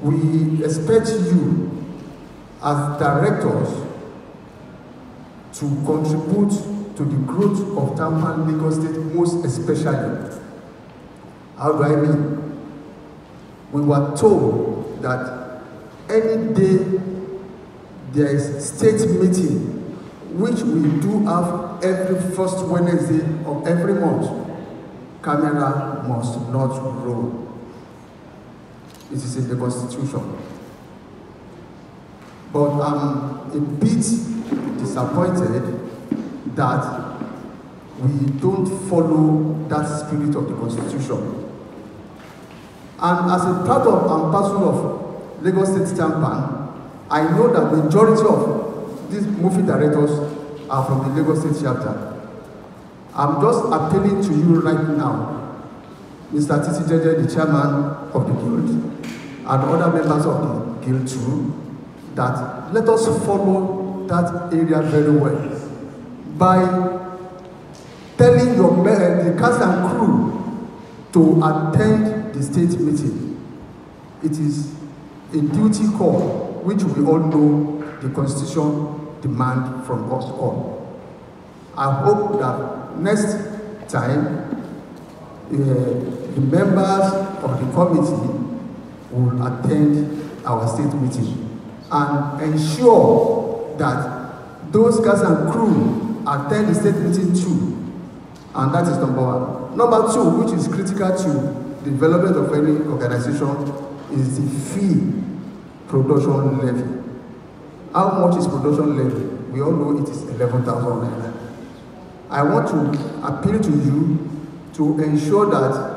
C: We expect you as directors to contribute to the growth of Tampan Lagos State most especially. How do I mean? We were told that any day there is state meeting which we do have every first Wednesday of every month camera must not roll. It is in the constitution. But I'm a bit disappointed that we don't follow that spirit of the constitution. And as a part of and parcel of Lagos State Champan, I know that majority of these movie directors are from the Lagos State chapter. I'm just appealing to you right now, Mr. Titi Jeje, the chairman of the guild,
G: and
C: other members of the guild too, that let us follow that area very well by telling your men, the cast and crew, to attend the state meeting. It is a duty call which we all know the constitution demand from us all. I hope that next time uh, the members of the committee will attend our state meeting and ensure that those guys and crew attend the state meeting too and that is number one number two which is critical to development of any organization is the fee production levy how much is production levy we all know it is eleven thousand naira I want to appeal to you to ensure that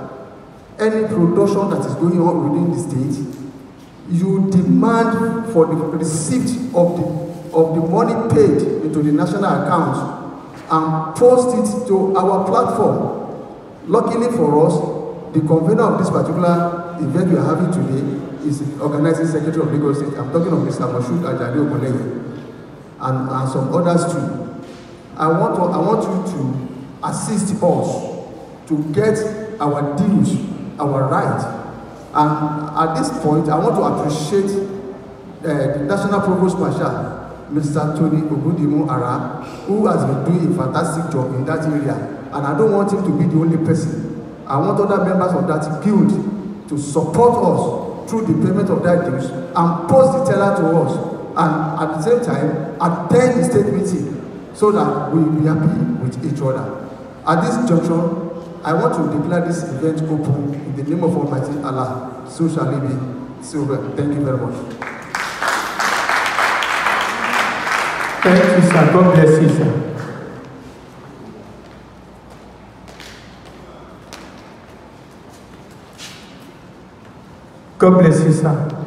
C: any production that is going on within the state, you demand for the receipt of the, of the money paid into the national account and post it to our platform. Luckily for us, the convener of this particular event we are having today is organizing secretary of Lagos State. I'm talking of Mr. Moshood Ajadi Ogunleye and, and some others too. I want to, I want you to assist us to get our dues, our right. And at this point, I want to appreciate uh, the National Provost Marshal, Mr. Tony Ogudimu Ara, who has been doing a fantastic job in that area. And I don't want him to be the only person. I want other members of that guild to support us through the payment of that dues and post the teller to us. And at the same time, attend the state meeting so that we will be happy with each other. At this juncture, I want to declare this event open in the name of Almighty Allah. So shall it be. So uh, thank you very much.
F: Thank you, sir. God bless you, sir. God bless you, sir.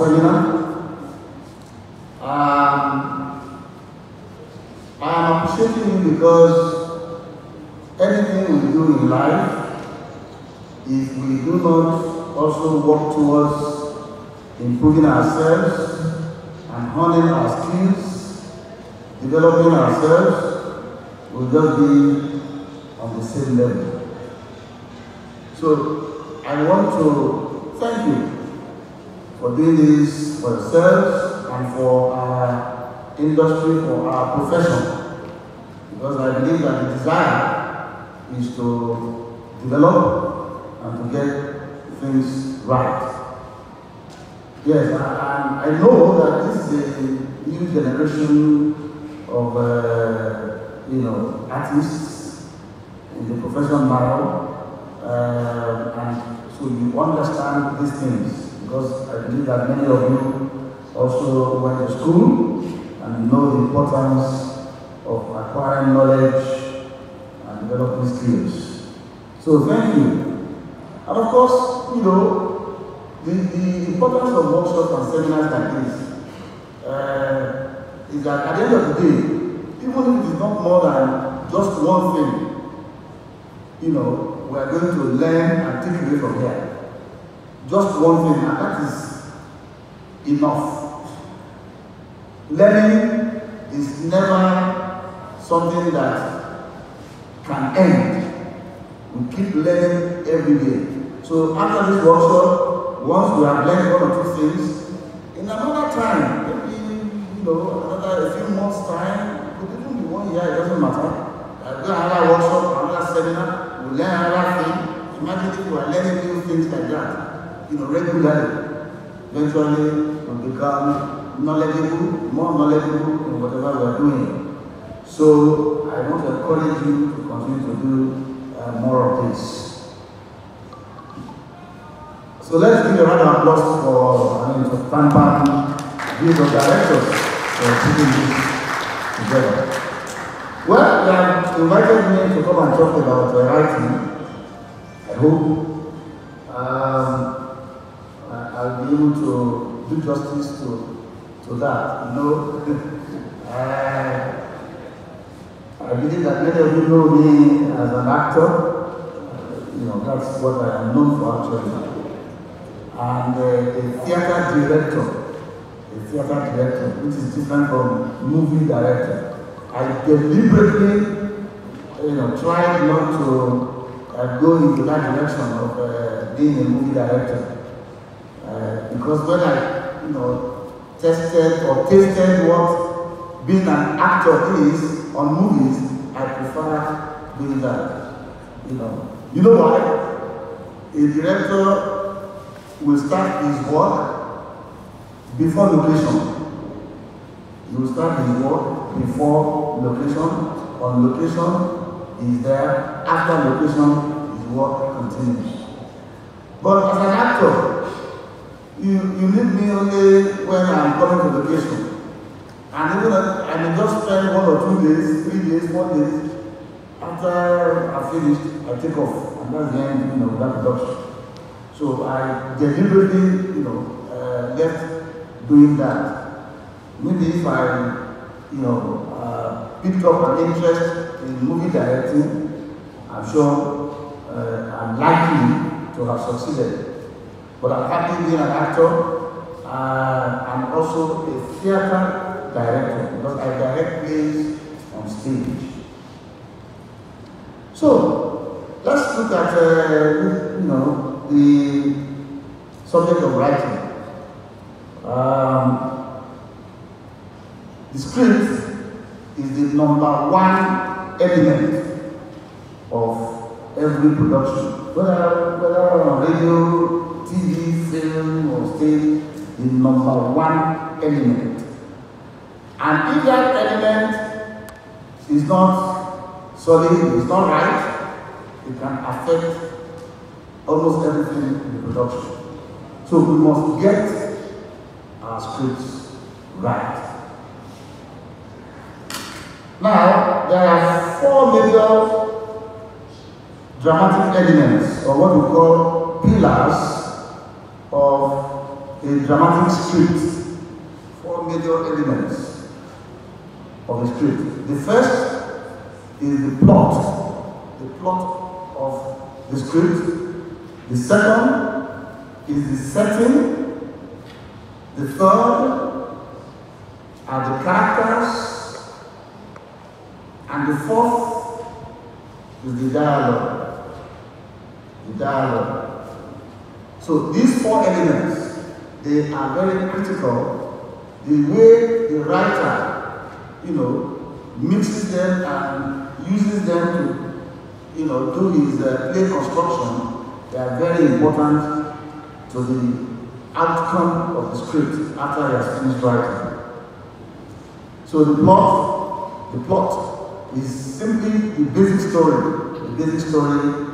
G: Apollina. Um, um, I'm appreciating you because anything we do in life, if we do not also work towards improving ourselves and honing our skills, developing ourselves, we'll just be on the same level. So I want to this for ourselves and for our industry, for our profession. Because I believe that the desire is to develop and to get things right. Yes, I, I know that
H: this is a
G: new generation of uh, you know artists in the professional model, uh, and so you understand these things. because I believe that many of you also went to school and know the importance of acquiring knowledge and
E: developing skills.
G: So thank you. And of course, you know, the, the importance of workshops and seminars like this uh, is that at the end of the day, even if it's not more than just one thing, you know, we are going to learn and take away from here. Just one thing, and that is enough. Learning is never something that can end. We keep learning every day. So after this workshop, once we have learned one or two things, in another time, maybe you know, another a few months time, could even be one year, it doesn't matter. I do another workshop, another seminar, we learn another thing. Imagine if we are learning new things like that. regularly, eventually become knowledgeable, more knowledgeable in whatever we are doing. So I want to encourage you to continue to do uh, more of this. So let's give a round of applause for I mean, for Tampan, these are directors for putting this together. Well, you have invited me to come and talk about writing. I hope um, I'll be able to do justice to, to that. You know, uh, [laughs] I believe that many of you know me as an actor. Uh, you know, that's what I am known for actually. And uh, a theater director a theater director, which is different from movie director. I deliberately, you know, tried not to uh, go into that direction of uh, being a movie director. Eh, because when I, you know, tested or tasted what being an actor is on movies, I prefer doing that. You know, you know why? A director will start his work before location. He will start his work before location. On location is there. After location, his work continues. But as an actor, You, you need me only when I'm coming to vacation. And even I may just spend one or two days, three days, four days. After I finish, I take off. And that's the end, you know, that production. So I deliberately, you know, uh, left doing that. Maybe if I, you know, uh, picked up an interest in movie directing, I'm sure uh, I'm likely to have succeeded. But I'm actively an actor uh, I'm also a theater director because I direct plays on stage. So let's look at uh, you know the subject of writing. Um, the script is the number one element of every production, whether whether on radio, Buddhism was still number one element. And if that element is not solid, is not right, it can affect almost everything in the production. So we must get our scripts right. Now, there are four major dramatic elements, or what we call pillars, of a dramatic script, four major elements of the script. The first is the plot, the plot of the script. The second is the setting. The third are the characters. And the fourth is the dialogue. The dialogue. So these four elements, they are very critical. The way the writer, you know, mixes them and uses them to, you know, do his uh, play construction, they are very important to the outcome of the script after he has finished writing. So the plot, the plot is simply the basic story, the basic story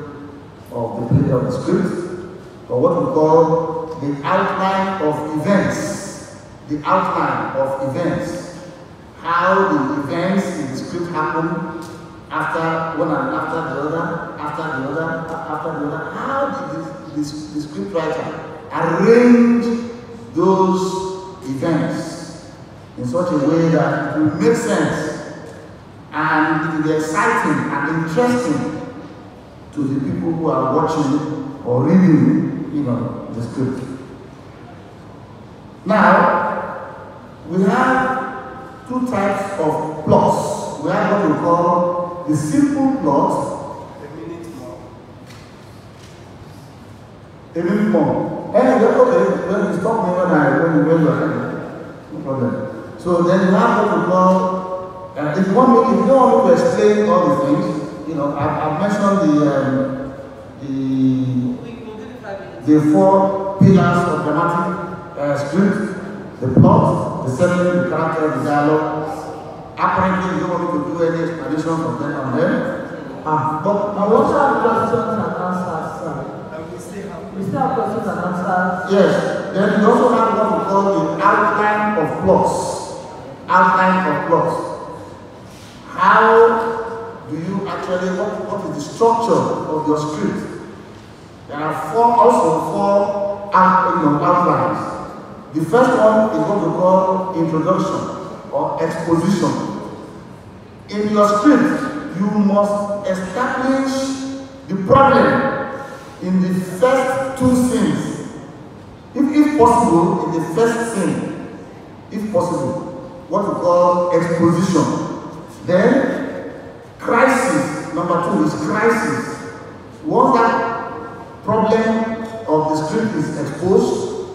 G: of the play of the script or what we call the outline of events. The outline of events. How the events in the script happen after one and after the other, after the other, after the other. How did the, the, the script writer arrange those events in such a way that it will make sense and it be exciting and interesting to the people who are watching or reading you know, the script. Now, we have two types of plots. We have what we call the simple plot. A minute more. A minute more. And okay, when you stop me when I when you when no problem. So then you have what we call uh, if you want me if you want me to explain all the things, you know, I, have mentioned the um, the the four pillars of dramatic uh, script, the plot, the setting, the character, the dialogue. Apparently, you don't want to do any explanation of them on them. Ah, but now what are
B: questions and answers,
G: sir? We still have questions and answers. Yes. Then we also have what we call the outline of plots. Outline of plots. How do you actually, what, what is the structure of your script? There are four, also four you outlines. The first one is what we call introduction or exposition. In your script, you must establish the problem in the first two scenes. If, if possible, in the first scene, if possible, what we call exposition. Then, crisis, number two is crisis. Once that problem of the script is exposed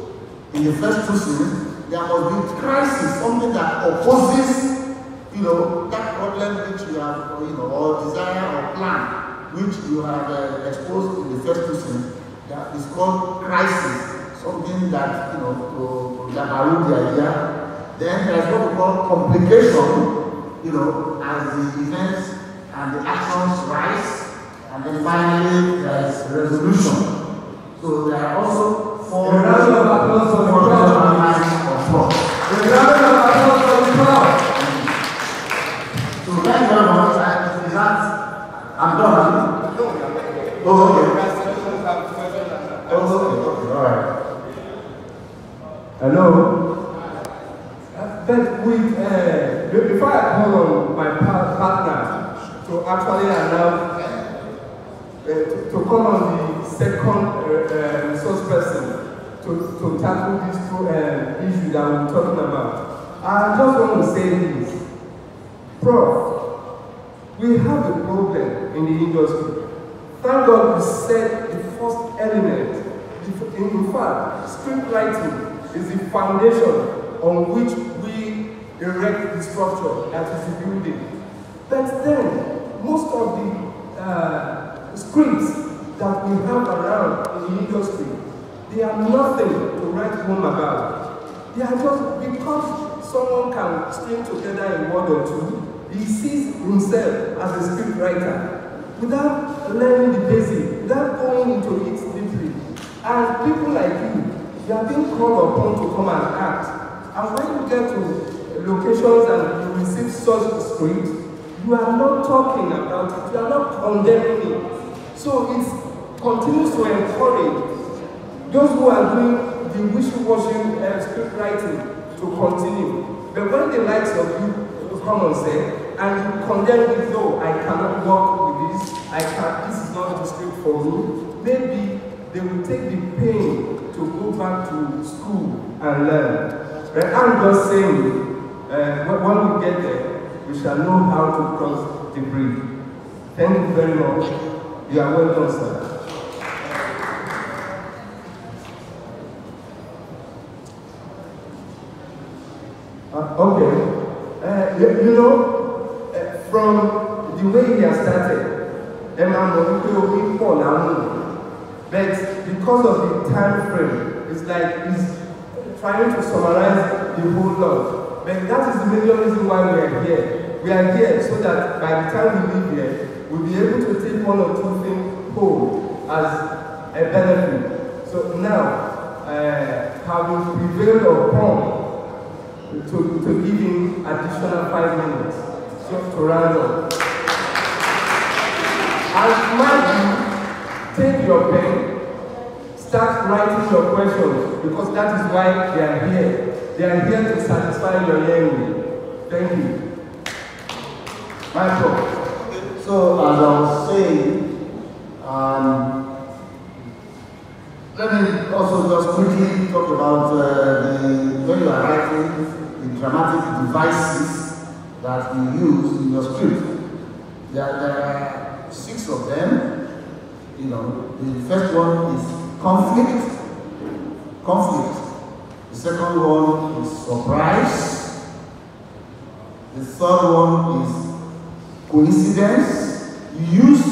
G: in the first two scenes. there must be crisis, something that opposes, you know, that problem which you have, you know, or desire or plan which you have uh, exposed in the first two scenes. That is called crisis, something that, you know, to, to Jabaru the idea. Then there's what we call complication, you know, as the events and the actions rise, And then finally, there is resolution. So there are also four round of applause
J: for the applause. So thank you very much. And is that I'm done? No, oh, okay.
G: Oh, all right. Hello.
J: Then we, uh, before I call on my partner to actually announce to call on the second uh, resource um, person to, to tackle these two, uh, that we're talking about. I just want to say this. Prof, we have a problem in the industry. Thank God we set the first element. In fact, scriptwriting is the foundation on which we erect the structure that is the building. But then, most of the uh, scripts that we have around in the industry, they are nothing to write home about. They are just because someone can string together a word or two, he sees himself as a script writer without learning the basics, without going into it deeply. And people like you, you are being called upon to come and act. And when you get to locations and you receive such scripts, you are not talking about it, you are not condemning it. So it continues to encourage those who are doing the wishy-washy and uh, script writing to continue. But when the likes of you come on say, and you condemn it, no, I cannot work with this, I can this is not the script for me, maybe they will take the pain to go back to school and learn. But I'm just saying, uh, when we get there, we shall know how to cross the bridge. Thank you very much. You are welcome, sir. Uh, okay. Uh, you, you, know, uh, from the way we are started, Emma Monikeo, we fall our But because of the time frame, it's like it's trying to summarize the whole lot. But that is the major reason why we are here. We are here so that by the time we leave here, will be able to take one or two things home as a benefit. So now, uh, having prevailed upon to, to give him additional five minutes, so to round up. As take your pen, start writing your questions because that is why they are here. They are here to satisfy your yearning.
G: Thank you. My so as I was saying, um, let me also just quickly talk about uh, the, when you are writing the dramatic devices that you use in your script. There, there are six of them. You know, the first one is conflict. Conflict. The second one is surprise. The third one is coincidence. You use,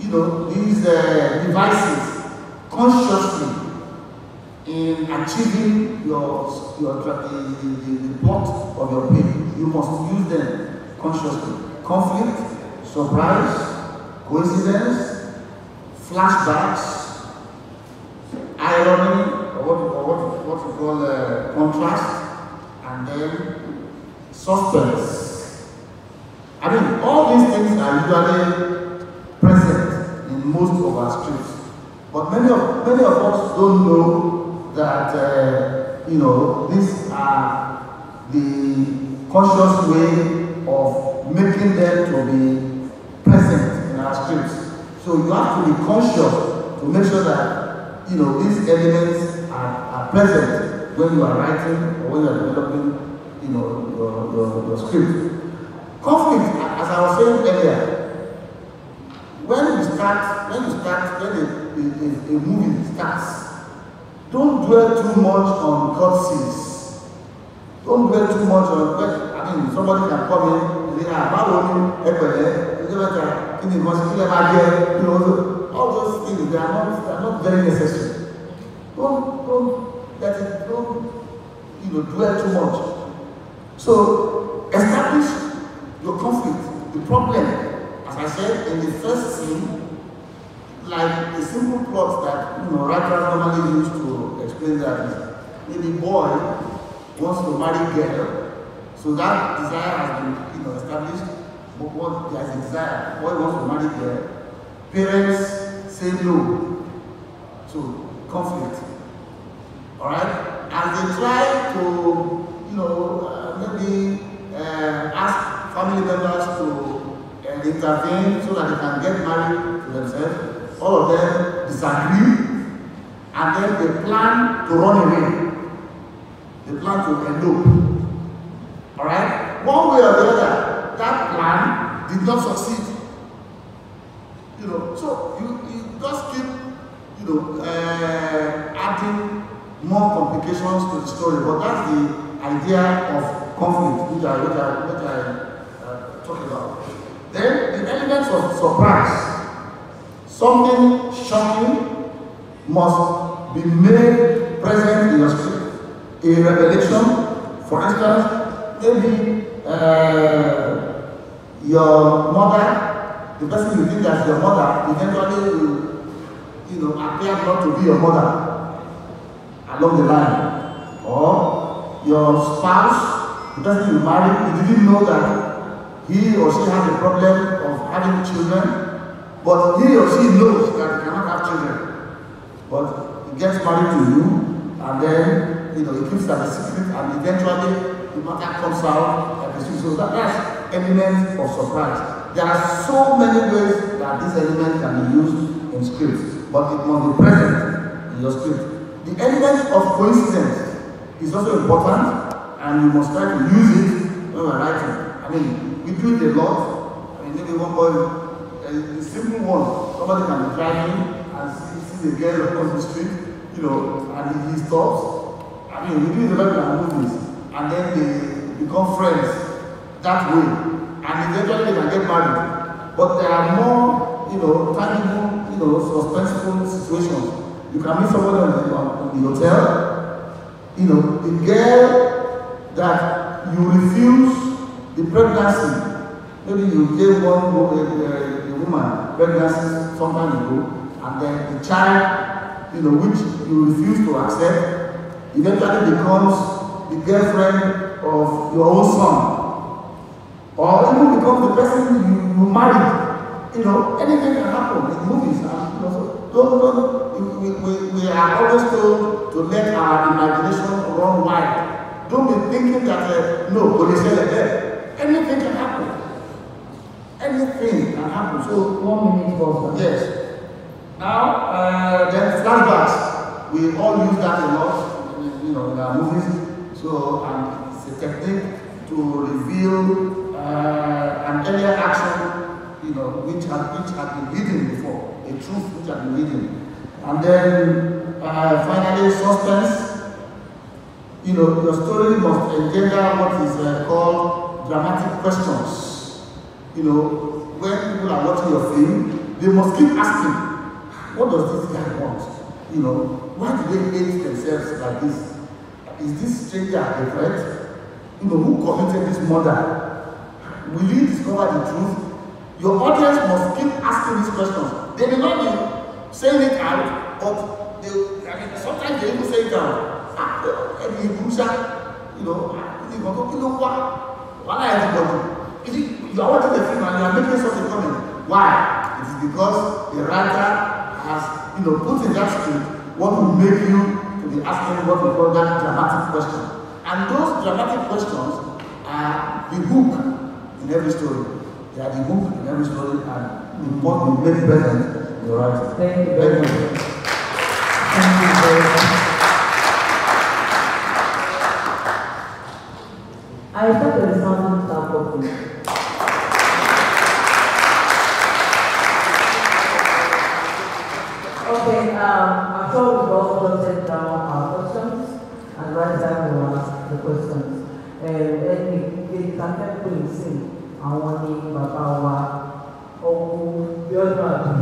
G: you know, these uh, devices consciously in achieving your, your the, the, the, the plot of your pain. You must use them consciously. Conflict, surprise, coincidence, flashbacks, irony, or what, or what, what we call uh, contrast, and then suspense. I mean, all these things are usually present in most of our streets. But many of, many of us don't know that, uh, you know, these are the conscious way of making them to be present in our streets. So you have to be conscious to make sure that, you know, these elements are, are present when you are writing or when you are developing, you know, your, your, your script. Conflict, as I was saying earlier, when you start, when you start, when a, a, a, a movie starts, don't dwell too much on God Don't dwell too much on, well, I mean, somebody can come in and say, ah, báwo ni ẹgbẹ̀rẹ̀ ẹgbẹ̀rẹ̀ kí ni ìmọ̀sí kí lè máa jẹ you know all those things they are not they are not very necessary. Don't don't let it don't you know dwell too much. So establish the conflict, the problem. As I said in the first scene, like a simple plot that you know, writers normally use to explain that maybe boy wants to marry girl, so that desire has been you know, established. But what there's a desire, boy wants to marry girl. Parents say no, so conflict. All right, as they try to you know uh, maybe uh, ask family members to uh, intervene so that they can get married to themselves. All of them disagree and then they plan to run away. They plan to elope. Alright? One way or the other, that plan did not succeed. You know, so you, you just keep, you know, uh, adding more complications to the story. But that's the idea of conflict, which I, which I, which I talking about. Then the elements of surprise, something shocking must be made present in your spirit. A revelation, for instance, maybe uh, your mother, the person you think that's your mother, eventually will you know, appear not to be your mother along the line. Or your spouse, the person you married, you didn't know that he or she has a problem of having children, but he or she knows that he cannot have children. But he gets married to you, and then you know he keeps that secret, and eventually the matter comes out that is so that that's element of surprise. There are so many ways that this element can be used in script, but it must be present in your script. The element of coincidence is also important, and you must try to use it when you writing. I mean, We do the lot in any one boy, a, a simple one. Somebody can drive him and see, see the girl across the street, you know, and he, he stops. I mean, we do the lot of movies, and then they become friends that way, and eventually they can get married. But there are more, you know, tangible, you know, suspenseful situations. You can meet someone in the, on the hotel, you know, the girl that you refuse The pregnancy, maybe you gave one uh, a woman pregnancy some time ago, and then the child, you know, which you refuse to accept, eventually becomes the girlfriend of your own son. Or even becomes the person you, you married. You know, anything can happen in movies. And, you know, so don't, don't, we, we, we are always told to let our imagination run wild. Don't be thinking that, uh, no, police, there. Anything can happen. Anything can happen. So one minute goes Yes. Now uh, then flashbacks. We all use that a lot, in, you know, in our movies. So it's a technique to reveal uh, an earlier action, you know, which had which had been hidden before, a truth which had been hidden. And then uh, finally suspense. You know, your story must engender what is uh, called dramatic questions. You know, when people are watching your film, they must keep asking, what does this guy want? You know, why do they hate themselves like this? Is this stranger a threat? You know, who committed this murder? Will you discover the truth? Your audience must keep asking these questions. They may not be saying it out, but they, I mean, sometimes they even say it out. Ah, Eddie Bruce, you know, you know, you know what? Why not everybody? Is it, you are watching the film and you are making such a comment. Why? It is because the writer has, you know, put in that script what will make you to be asking what we call that dramatic question. And those dramatic questions are the hook in every story. They are the hook in every story and important, very present in the writing. Thank you very much. Thank you very much.
F: I start the sound staff of
B: Okay, um, i thought sure we've also jotted down our questions, and right now we will ask the questions. Ẹni ìtàkẹ́ pé sí àwọn ní bàbá wa ọkùnrin bí ọdún àbí.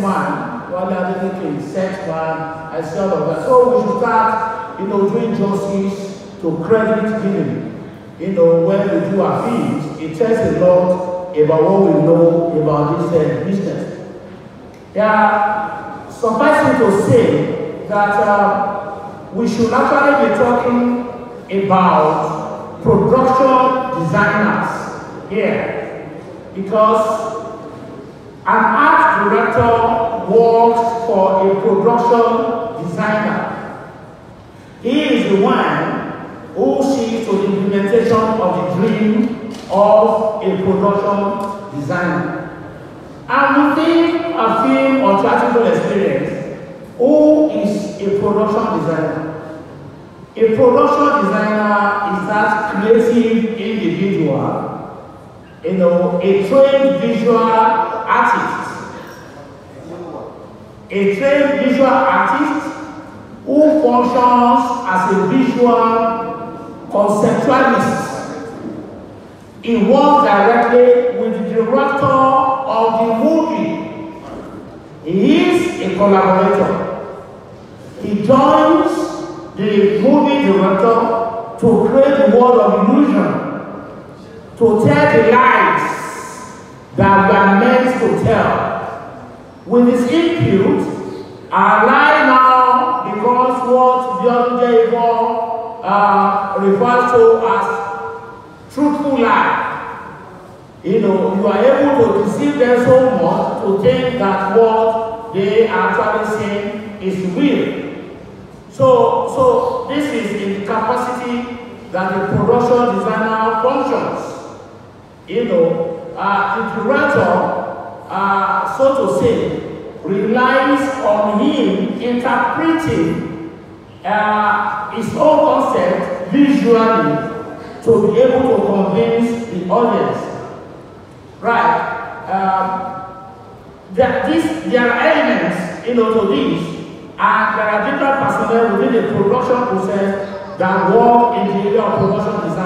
D: man, what they are thinking, set man, and so on. So we should start, you know, doing justice to credit giving. You know, when we do our fees, it tells a lot about what we know about this uh, business. Yeah, suffice it to say that uh, we should actually be talking about production designers here because an art director works for a production designer. He is the one who sees to the implementation of the dream of a production designer. And we think a film or theatrical
J: experience
D: who is a production designer. A production designer is that creative individual, you know, a trained visual artist, a trained visual artist who functions as a visual conceptualist. He works directly with the director of the movie. He is a collaborator. He joins the movie director to create the world of illusion, to tell the lies that we are meant to
F: tell.
D: With this impute, our lie now becomes what Bjorn Javon uh, refers to as truthful lie. You know, you are able to deceive them so much to think that what they are actually saying is real. So, so this is in the capacity that the production designer functions. You know, Ah, the interpreter, uh, ah, so to say, relies on him interpreting uh, his own concept visually to be able to convince the audience. Right. Um, that this, there are elements you know, to this, and there are different personnel within the production process that work in the area of production design.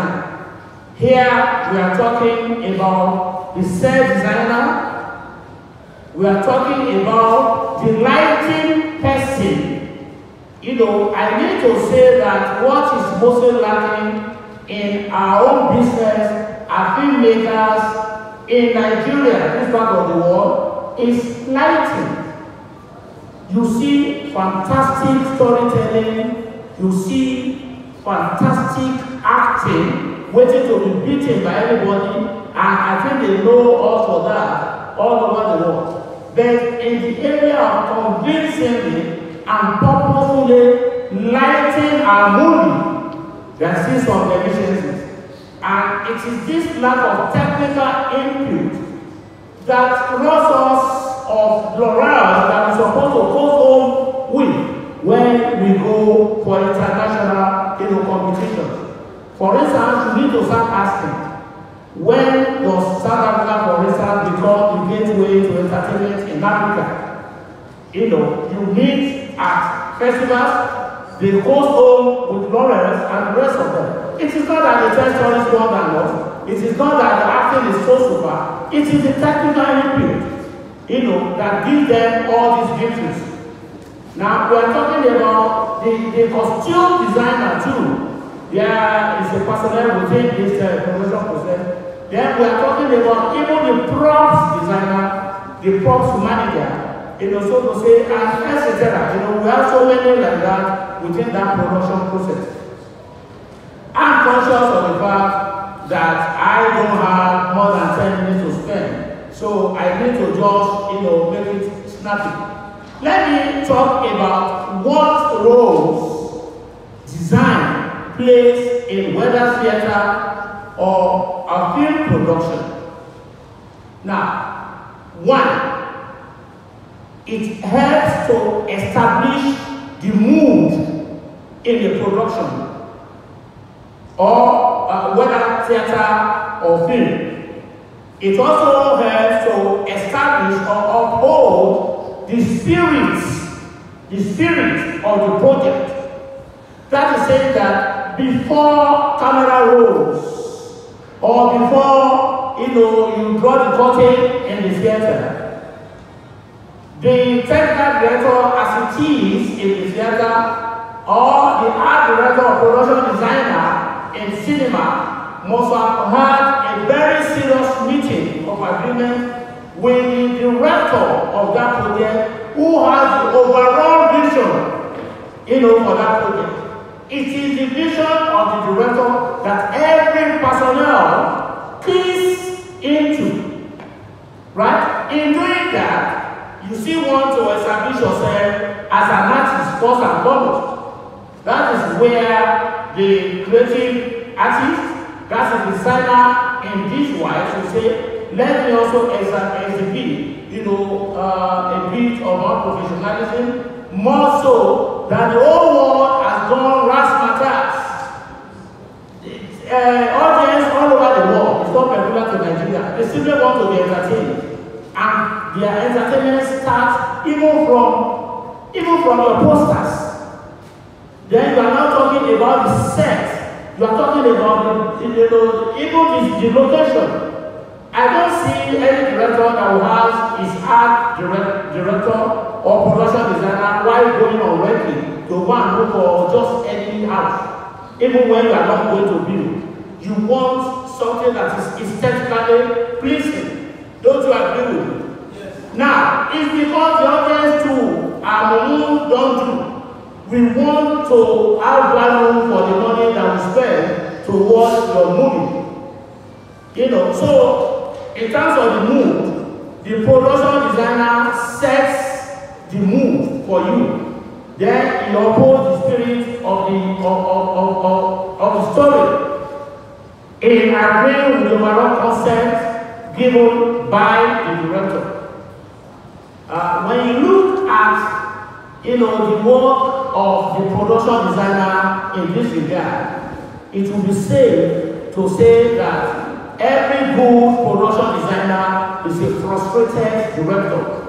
D: Here we are talking about the self-designer. We are talking about the lighting person. You know, I need to say that what is mostly lacking in our own business as filmmakers in Nigeria, this part of the world, is lighting. You see fantastic storytelling, you see fantastic acting, waiting to be beaten by everybody, and I think they know us for that all over the world. But in the area of convincingly and purposefully lighting our mood, there are still some deficiencies. And it is this lack of technical input that us of laurels that is supposed to go home with when we go for international you know, competitions. For instance, you need to start asking, when does South Africa, for instance, become the gateway to entertainment in Africa? You know, you meet at festivals, they host home with Lawrence and the rest of them. It is not that the tension is more than us. It is not that the acting is so super. It is the technical input, you know, that gives them all these gifts. Now, we are talking about the, the costume designer too. There is a personnel within this uh, convention process. Then we are talking about even the props designer, the props manager, and also to say, and etc. You know, we have so many like that within that production process. I'm conscious of the fact that I don't have more than 10 minutes to spend. So I need to just, you know, make it snappy. Let me talk about what roles
J: design plays
D: in whether theater or a film production. Now, one, it helps to establish the mood in the production or uh, whether theater or film. It also helps to establish or uphold the spirit, the spirit of the project. That is saying that before camera rolls or before you know you draw the curtain in the theater. The technical director as it is in the theater or the art director or production designer in cinema must have had a very serious meeting of agreement with the director of that project who has the overall vision you know for that project. It is the vision of the director that every personnel keys into. Right? In doing that, you still want to establish yourself as an artist first and foremost. That is where the creative artist, that's the designer in this wise, will say, let me also exhibit, you know, uh, a bit of our professionalism, more so than the whole world adorn razzmatazz. Uh, eh, audience all over the world It's not popular to Nigeria. They simply want to be entertained. And their entertainment starts even from even from your posters. Then you are now talking about the set. You are talking about the, the, the, even the, the location. I don't see any director that will have his art direct, director or production designer while going on working the one who for just any house, even when you are not going to build, you want something that is aesthetically pleasing. Don't you agree with me? Yes. Now, it's because the audience do and who don't do. We want to have value for the money that we spend towards your movie. You know, so in terms of the mood, the production designer sets the mood for you. Then he opposed the spirit of the, of, of, of, of, the story in agreeing with the moral consent given by the director. Uh, when you look at you know, the work of the production designer in this regard, it will be safe to say that every good production designer is a frustrated director.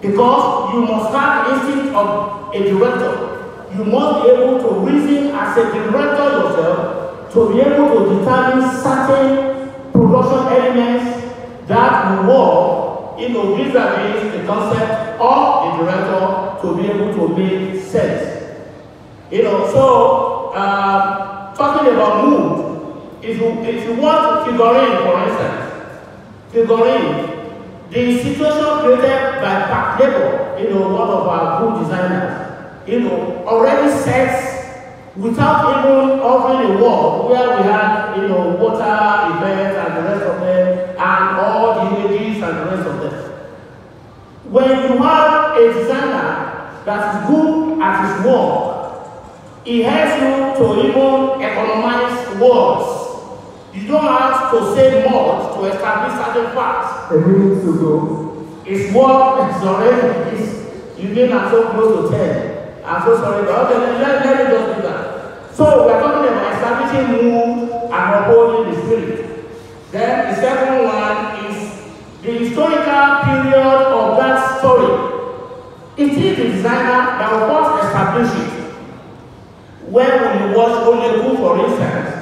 D: Because you must have instinct of a director. You must be able to reason as a director yourself to be able to determine certain production elements that work in a vis-a-vis the concept of the director to be able to make sense. You know, so uh, talking about mood, if you, if you want figurine, for instance, figurine The situation created by back labor, you know, one of our good designers, you know, already sets without even offering a wall where we had, you know, water events and the rest of them, and all the images and the rest of them. When you have a designer that is good at his
J: work,
D: he helps you to even economize walls. You don't have to say much to establish certain facts.
J: A minute to go.
D: It's what exoneration is. You mean I'm so close to 10. I'm so sorry, but okay, let, let, let me just do that. So we're talking about establishing mood and upholding the spirit. Then the second one is the historical period of that story. It is the designer that will first establish it. When we watch Only Who, for instance,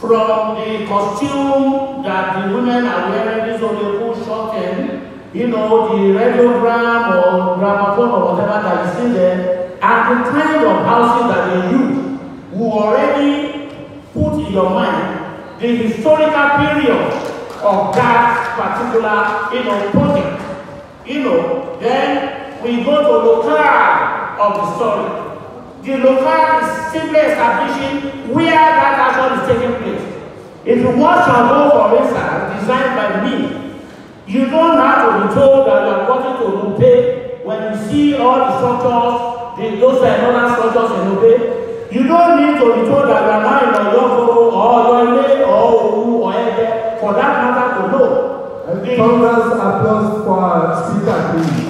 D: from the costume that the women are wearing, this Oleku shorten, you know, the radiogram or gramophone or whatever that you see there, and the kind of houses that they use, who already put in your mind the historical period of that particular, you know, project. You know, then we go to the car of the story the local is simply establishing where that action is taking place. If you watch a role, for instance, designed by me, you don't have to be told that you are going to Lupe when you see all the structures, the, those phenomenal structures in obey. You don't need to be told that you are now in Oyoforo or your name or who or Ebe for that matter to know. And Congress
J: applause for our speaker, please.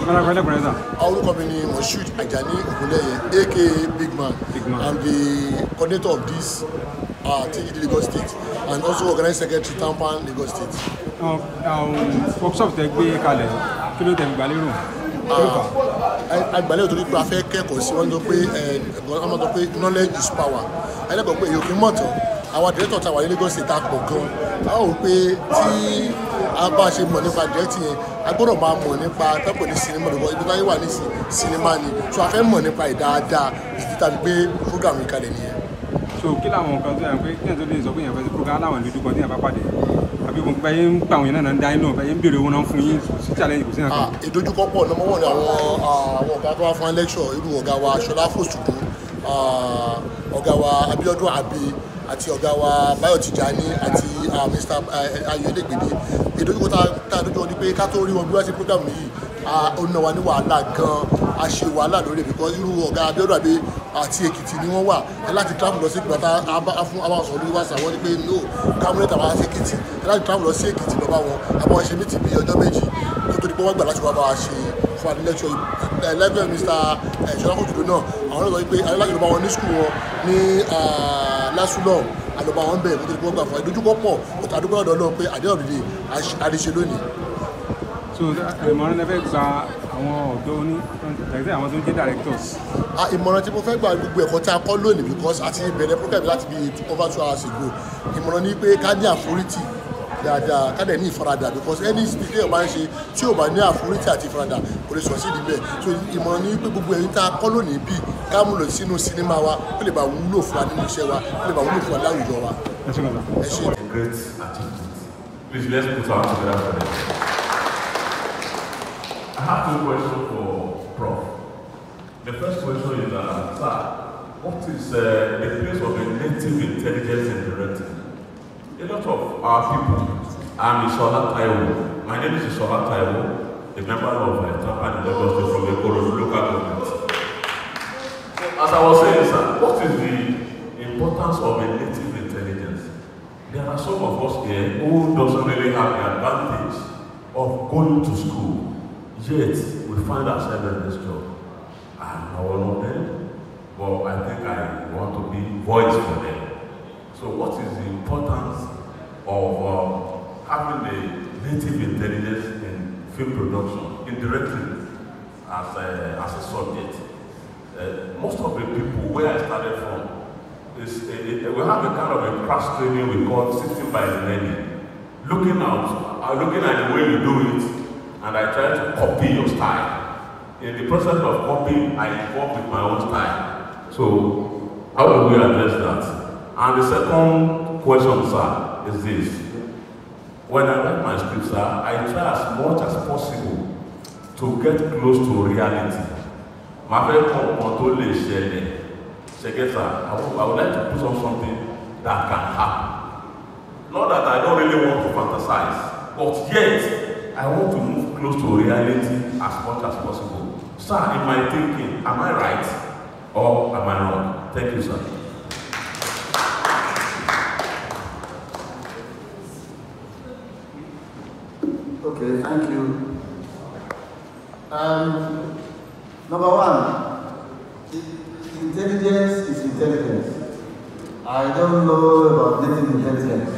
I: orúkọ mi ni moshood ajani ogunleye aka big man, big i'm the coordinator
A: of this uh,
I: TGD Lagos State and also organize secretary Tampan Lagos State.
A: Um, um, workshop tẹ gbé kalẹ̀ kí ló tẹ̀ ń gbàlérò
I: agbalẹ̀ uh, òtún pé a fẹ́ kẹ́kọ̀ọ́ sí wọ́n tó eh, pé knowledge is power ẹlẹ́gbọ̀n pé èyí ò kí mọ̀tọ́ àwọn director ta wà ní Lagos State àpọ̀ gan a ò pé tí a bá ṣe mọ̀ nípa directing yẹn a gbọ́dọ̀ máa mọ̀ nípa tẹ́pọ̀ ní sinimá lọ́wọ́ ibi táyé wà
A: ní sinimá ni so a fẹ́ mọ̀ nípa ẹ̀ dáadáa ìdí tàbí pé program yìí kalẹ̀ nìyẹn. so kí làwọn nǹkan tó yàn pé kí n tó lè sọ pé yàn fẹ́ sí program láwọn ìlú dúkọ tí yàn bá pàdé àbí mo bẹ́ẹ̀ ń pa àwọn yẹn náà ń dá náà bẹ́ẹ̀ ń béèrè owó náà fún yín sí challenge kò sí nǹkan. Ah, ìdojúkọ pọ̀ nọmọ wọn ni àwọn
I: ah, àwọn ọ̀gá tó wá fún lecture irú ọ̀gá wa Ṣọlá Fòṣùdù ah, ọ̀gá wa Abíọ́dún àbí àti ọ̀gá wa Báyọ̀ Tìjání àti Mr Ayọ̀dẹ́gbèdé ìdójúkọ tá a dójú ọ ní pé ká tó rí wọn bí wọ́n ti program yìí ọ̀nà wa ní wàhálà gan-an a ṣe wàhálà lórí ẹ̀bí kan irú ọ̀gá Abíọ́dún àbí àti Èkìtì ni wọ́n wà láti travel lọ sí ìgbà tá a fún àwọn ọ̀sán olúwa sàwọ́ ni pé no kámúlẹ̀tà wá sí Èkìtì láti travel lọ sí Èkìtì lọ́ba wọn àbọ̀ ṣe ní ti bí ọjọ́ méjì tó tó di pé wọ́n gbà láti wá bá wa ṣe fún àdínlẹ́tọ̀ ẹlẹ́gbẹ̀ẹ́ Mr. ṣọlá kòtòdó náà àwọn ọ̀rẹ́ sọ pé alájọba wọn ní skul wọn ní lásùlọ àlọbà wọn bẹ nítorí pé fún ìdojúkọ pọ òkè àdúgbò ọdọ Ọlọ́run pé àdéhùn òdìdí àríṣe lónìí.
A: so ìmọ̀ràn ẹ fẹ́ gba àwọn ọ̀dọ́ oní
I: tàbí àwọn tó ń jẹ́ directors. ìmọ̀ràn tí mo fẹ́ gba gbogbo ẹ̀kọ́ tá a kọ́ lónìí because àti ìbẹ̀rẹ̀ program láti bí over two hours ago ìmọ̀ràn ni pé ká ní àforítì dáadáa kádẹ̀ ní ìfaradà because any speed téèyàn bá ń ṣe tí ò bá ní àforítì àti ìfaradà kò lè sọ̀sí ìdí bẹ́ẹ̀ so ìmọ̀ràn ni pé gbogbo ẹ̀yin tá a kọ́ lónìí bíi ká lọ sínú sinimá wa ó lè bá wúlò fún wa nínú iṣẹ́ wa ó lè bá wúlò fún wa láwùjọ wa.
E: ẹ ṣe. great achievement please let's put our hands I have two questions for Prof. The first question is, uh, sir, what is uh, the place of a native intelligence in directing? a lot of our people. I'm Isola Taiwo. My name is Isola Taiwo, a member of the Tampa University from the Koro local government. As I was saying, sir, what is the importance of a native intelligence? There are some of us here who doesn't really have the advantage of going to school, yet we find ourselves in this job. I'm not one of them, but I think I want to be voice for them. So what is the importance of um, having the native intelligence in film production indirectly as a, as a subject. Uh, most of the people where I started from, is, uh, it, uh, we have a kind of a crash training we call sitting by the menu. Looking out, uh, looking at the way you do it, and I try to copy your style. In the process of copying, I evolve with my own style. So, how do we address that? And the second question, sir, is this. When I write my scripture, I try as much as possible to get close to reality. Màá fẹ́ kọ́ ọ̀kan tó lè ṣẹlẹ̀. Ṣẹ̀gẹ́ta, I would like to put on something that can happen. Not that I don't really want to fantasize, but yet I want to move close to reality as much as possible. Sir, in my thinking, am I right or am I wrong? Thank you, sir.
G: Thank you. Um, number one, intelligence is intelligence. I don't know about native intelligence.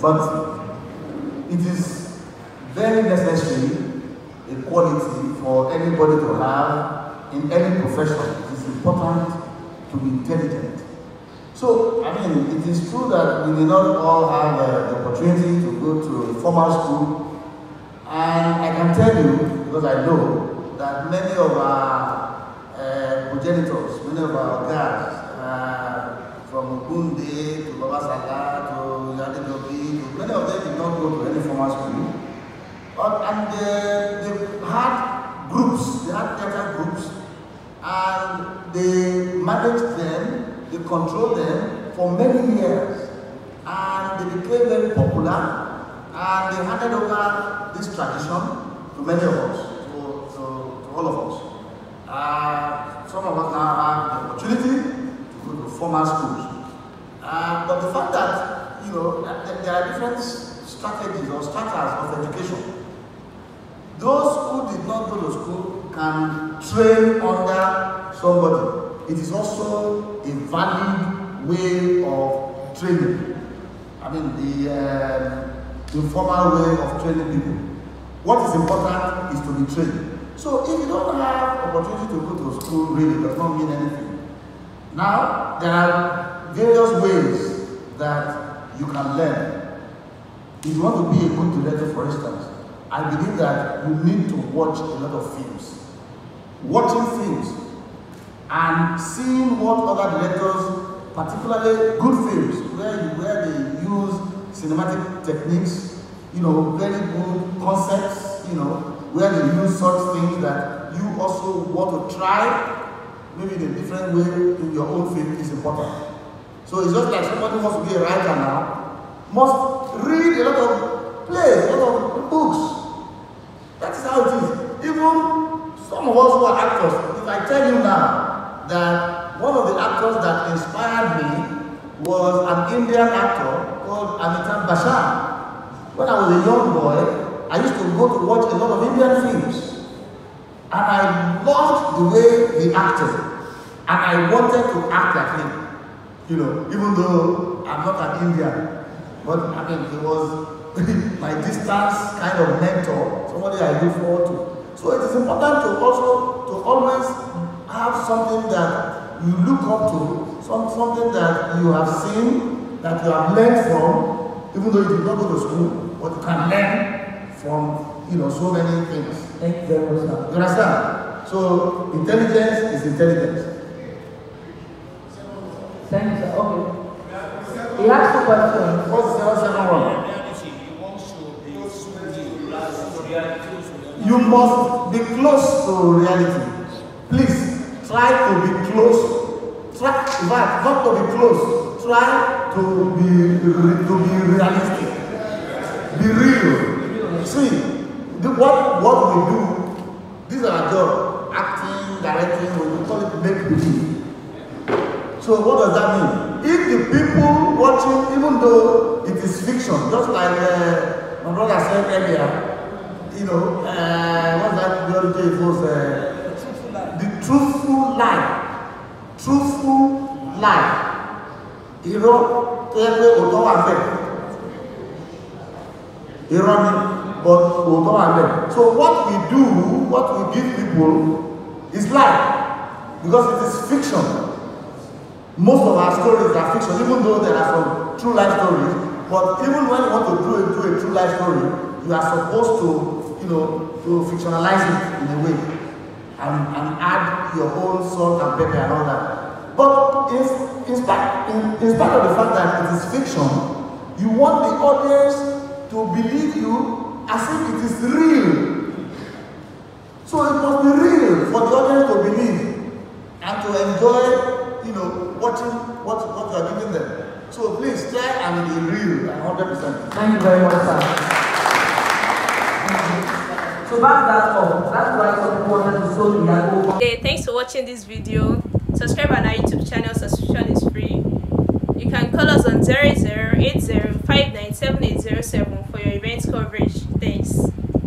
G: But it is very necessary a quality for anybody to have in any profession. It is important to be intelligent. So, I mean, it is true that we did not all have uh, the opportunity to go to formal school. And I can tell you, because I know, that many of our uh, progenitors, many of our guys, uh, from Gunde to Baba Babasala to Yadi Yadejobi, many of them did not go to any formal school. But, and they, they had groups, they had theater groups, and they managed them controlled them for many years. And they became very popular and they handed over this tradition to many of us, to, to, to all of us. Uh, some of us now have the opportunity to go to formal schools. Uh, but the fact that, you know, there are different strategies or structures of education. Those who did not go to school can train under somebody it is also a valid way of training. I mean, the, uh, um, informal way of training people. What is important is to be trained. So if you don't have opportunity to go to school, really does not mean anything. Now, there are various ways that you can learn. If you want to be a good director, for instance, I believe that you need to watch a lot of films. Watching films and seeing what other directors, particularly good films, where, where they use cinematic techniques, you know, very good concepts, you know, where they use such things that you also want to try, maybe in a different way in your own film is important. So it's just like somebody wants to be a writer now, must read a lot of plays, a lot of books. That is how it is. Even some of us who are actors, if I tell you now, that one of the actors that inspired me was an Indian actor called Amitabh Bachchan. When I was a young boy, I used to go to watch a lot of Indian films. And I loved the way he acted. And I wanted to act like him. You know, even though I'm not an Indian. But I mean, he was [laughs] my distance kind of mentor, somebody I look forward to. So it is important to also to always have something that you look up to, some, something that you have seen, that you have learned from, even though you did not go to school, but you can learn from, you know, so many things. Thank you very much, You understand? So, intelligence is intelligence.
H: Thank you, sir. Okay. He has two questions. What's the second one?
A: You must
G: be close to reality. Please, Try to be close. Try, right, not to be close. Try to be, to be realistic. Be real. See, the, what, what we do, these are job, acting, directing, we call it make believe. So what does that mean? If the people watching, even though it is fiction, just like uh, my brother said earlier, you know, uh, what's that girl it was? Uh,
E: truthful life truthful
G: life irọ́ tó yẹ pé òótọ́ wà bẹ̀ irọ́ ni but òótọ́ wà bẹ̀ so what we do what we give people is life because it is fiction most of our stories are fiction even though there are some true life stories but even when you want to do a, do a true life story you are supposed to you know to fictionalize it in a way and, and add your own salt and pepper and all that. But in, in, in, in spite of the fact that it is fiction, you want the audience to believe you as if it is real. So it must be real for the audience to believe and to enjoy, you know, watching what, what you are giving them. So please try and be real, 100%. Thank you very much, sir. To back that up, that's why some
B: people wanted to sow Iyago. Hey, thanks for watching this video. Subscribe on our YouTube channel, subscription is free. You can call us on 0080 for your events coverage. Thanks.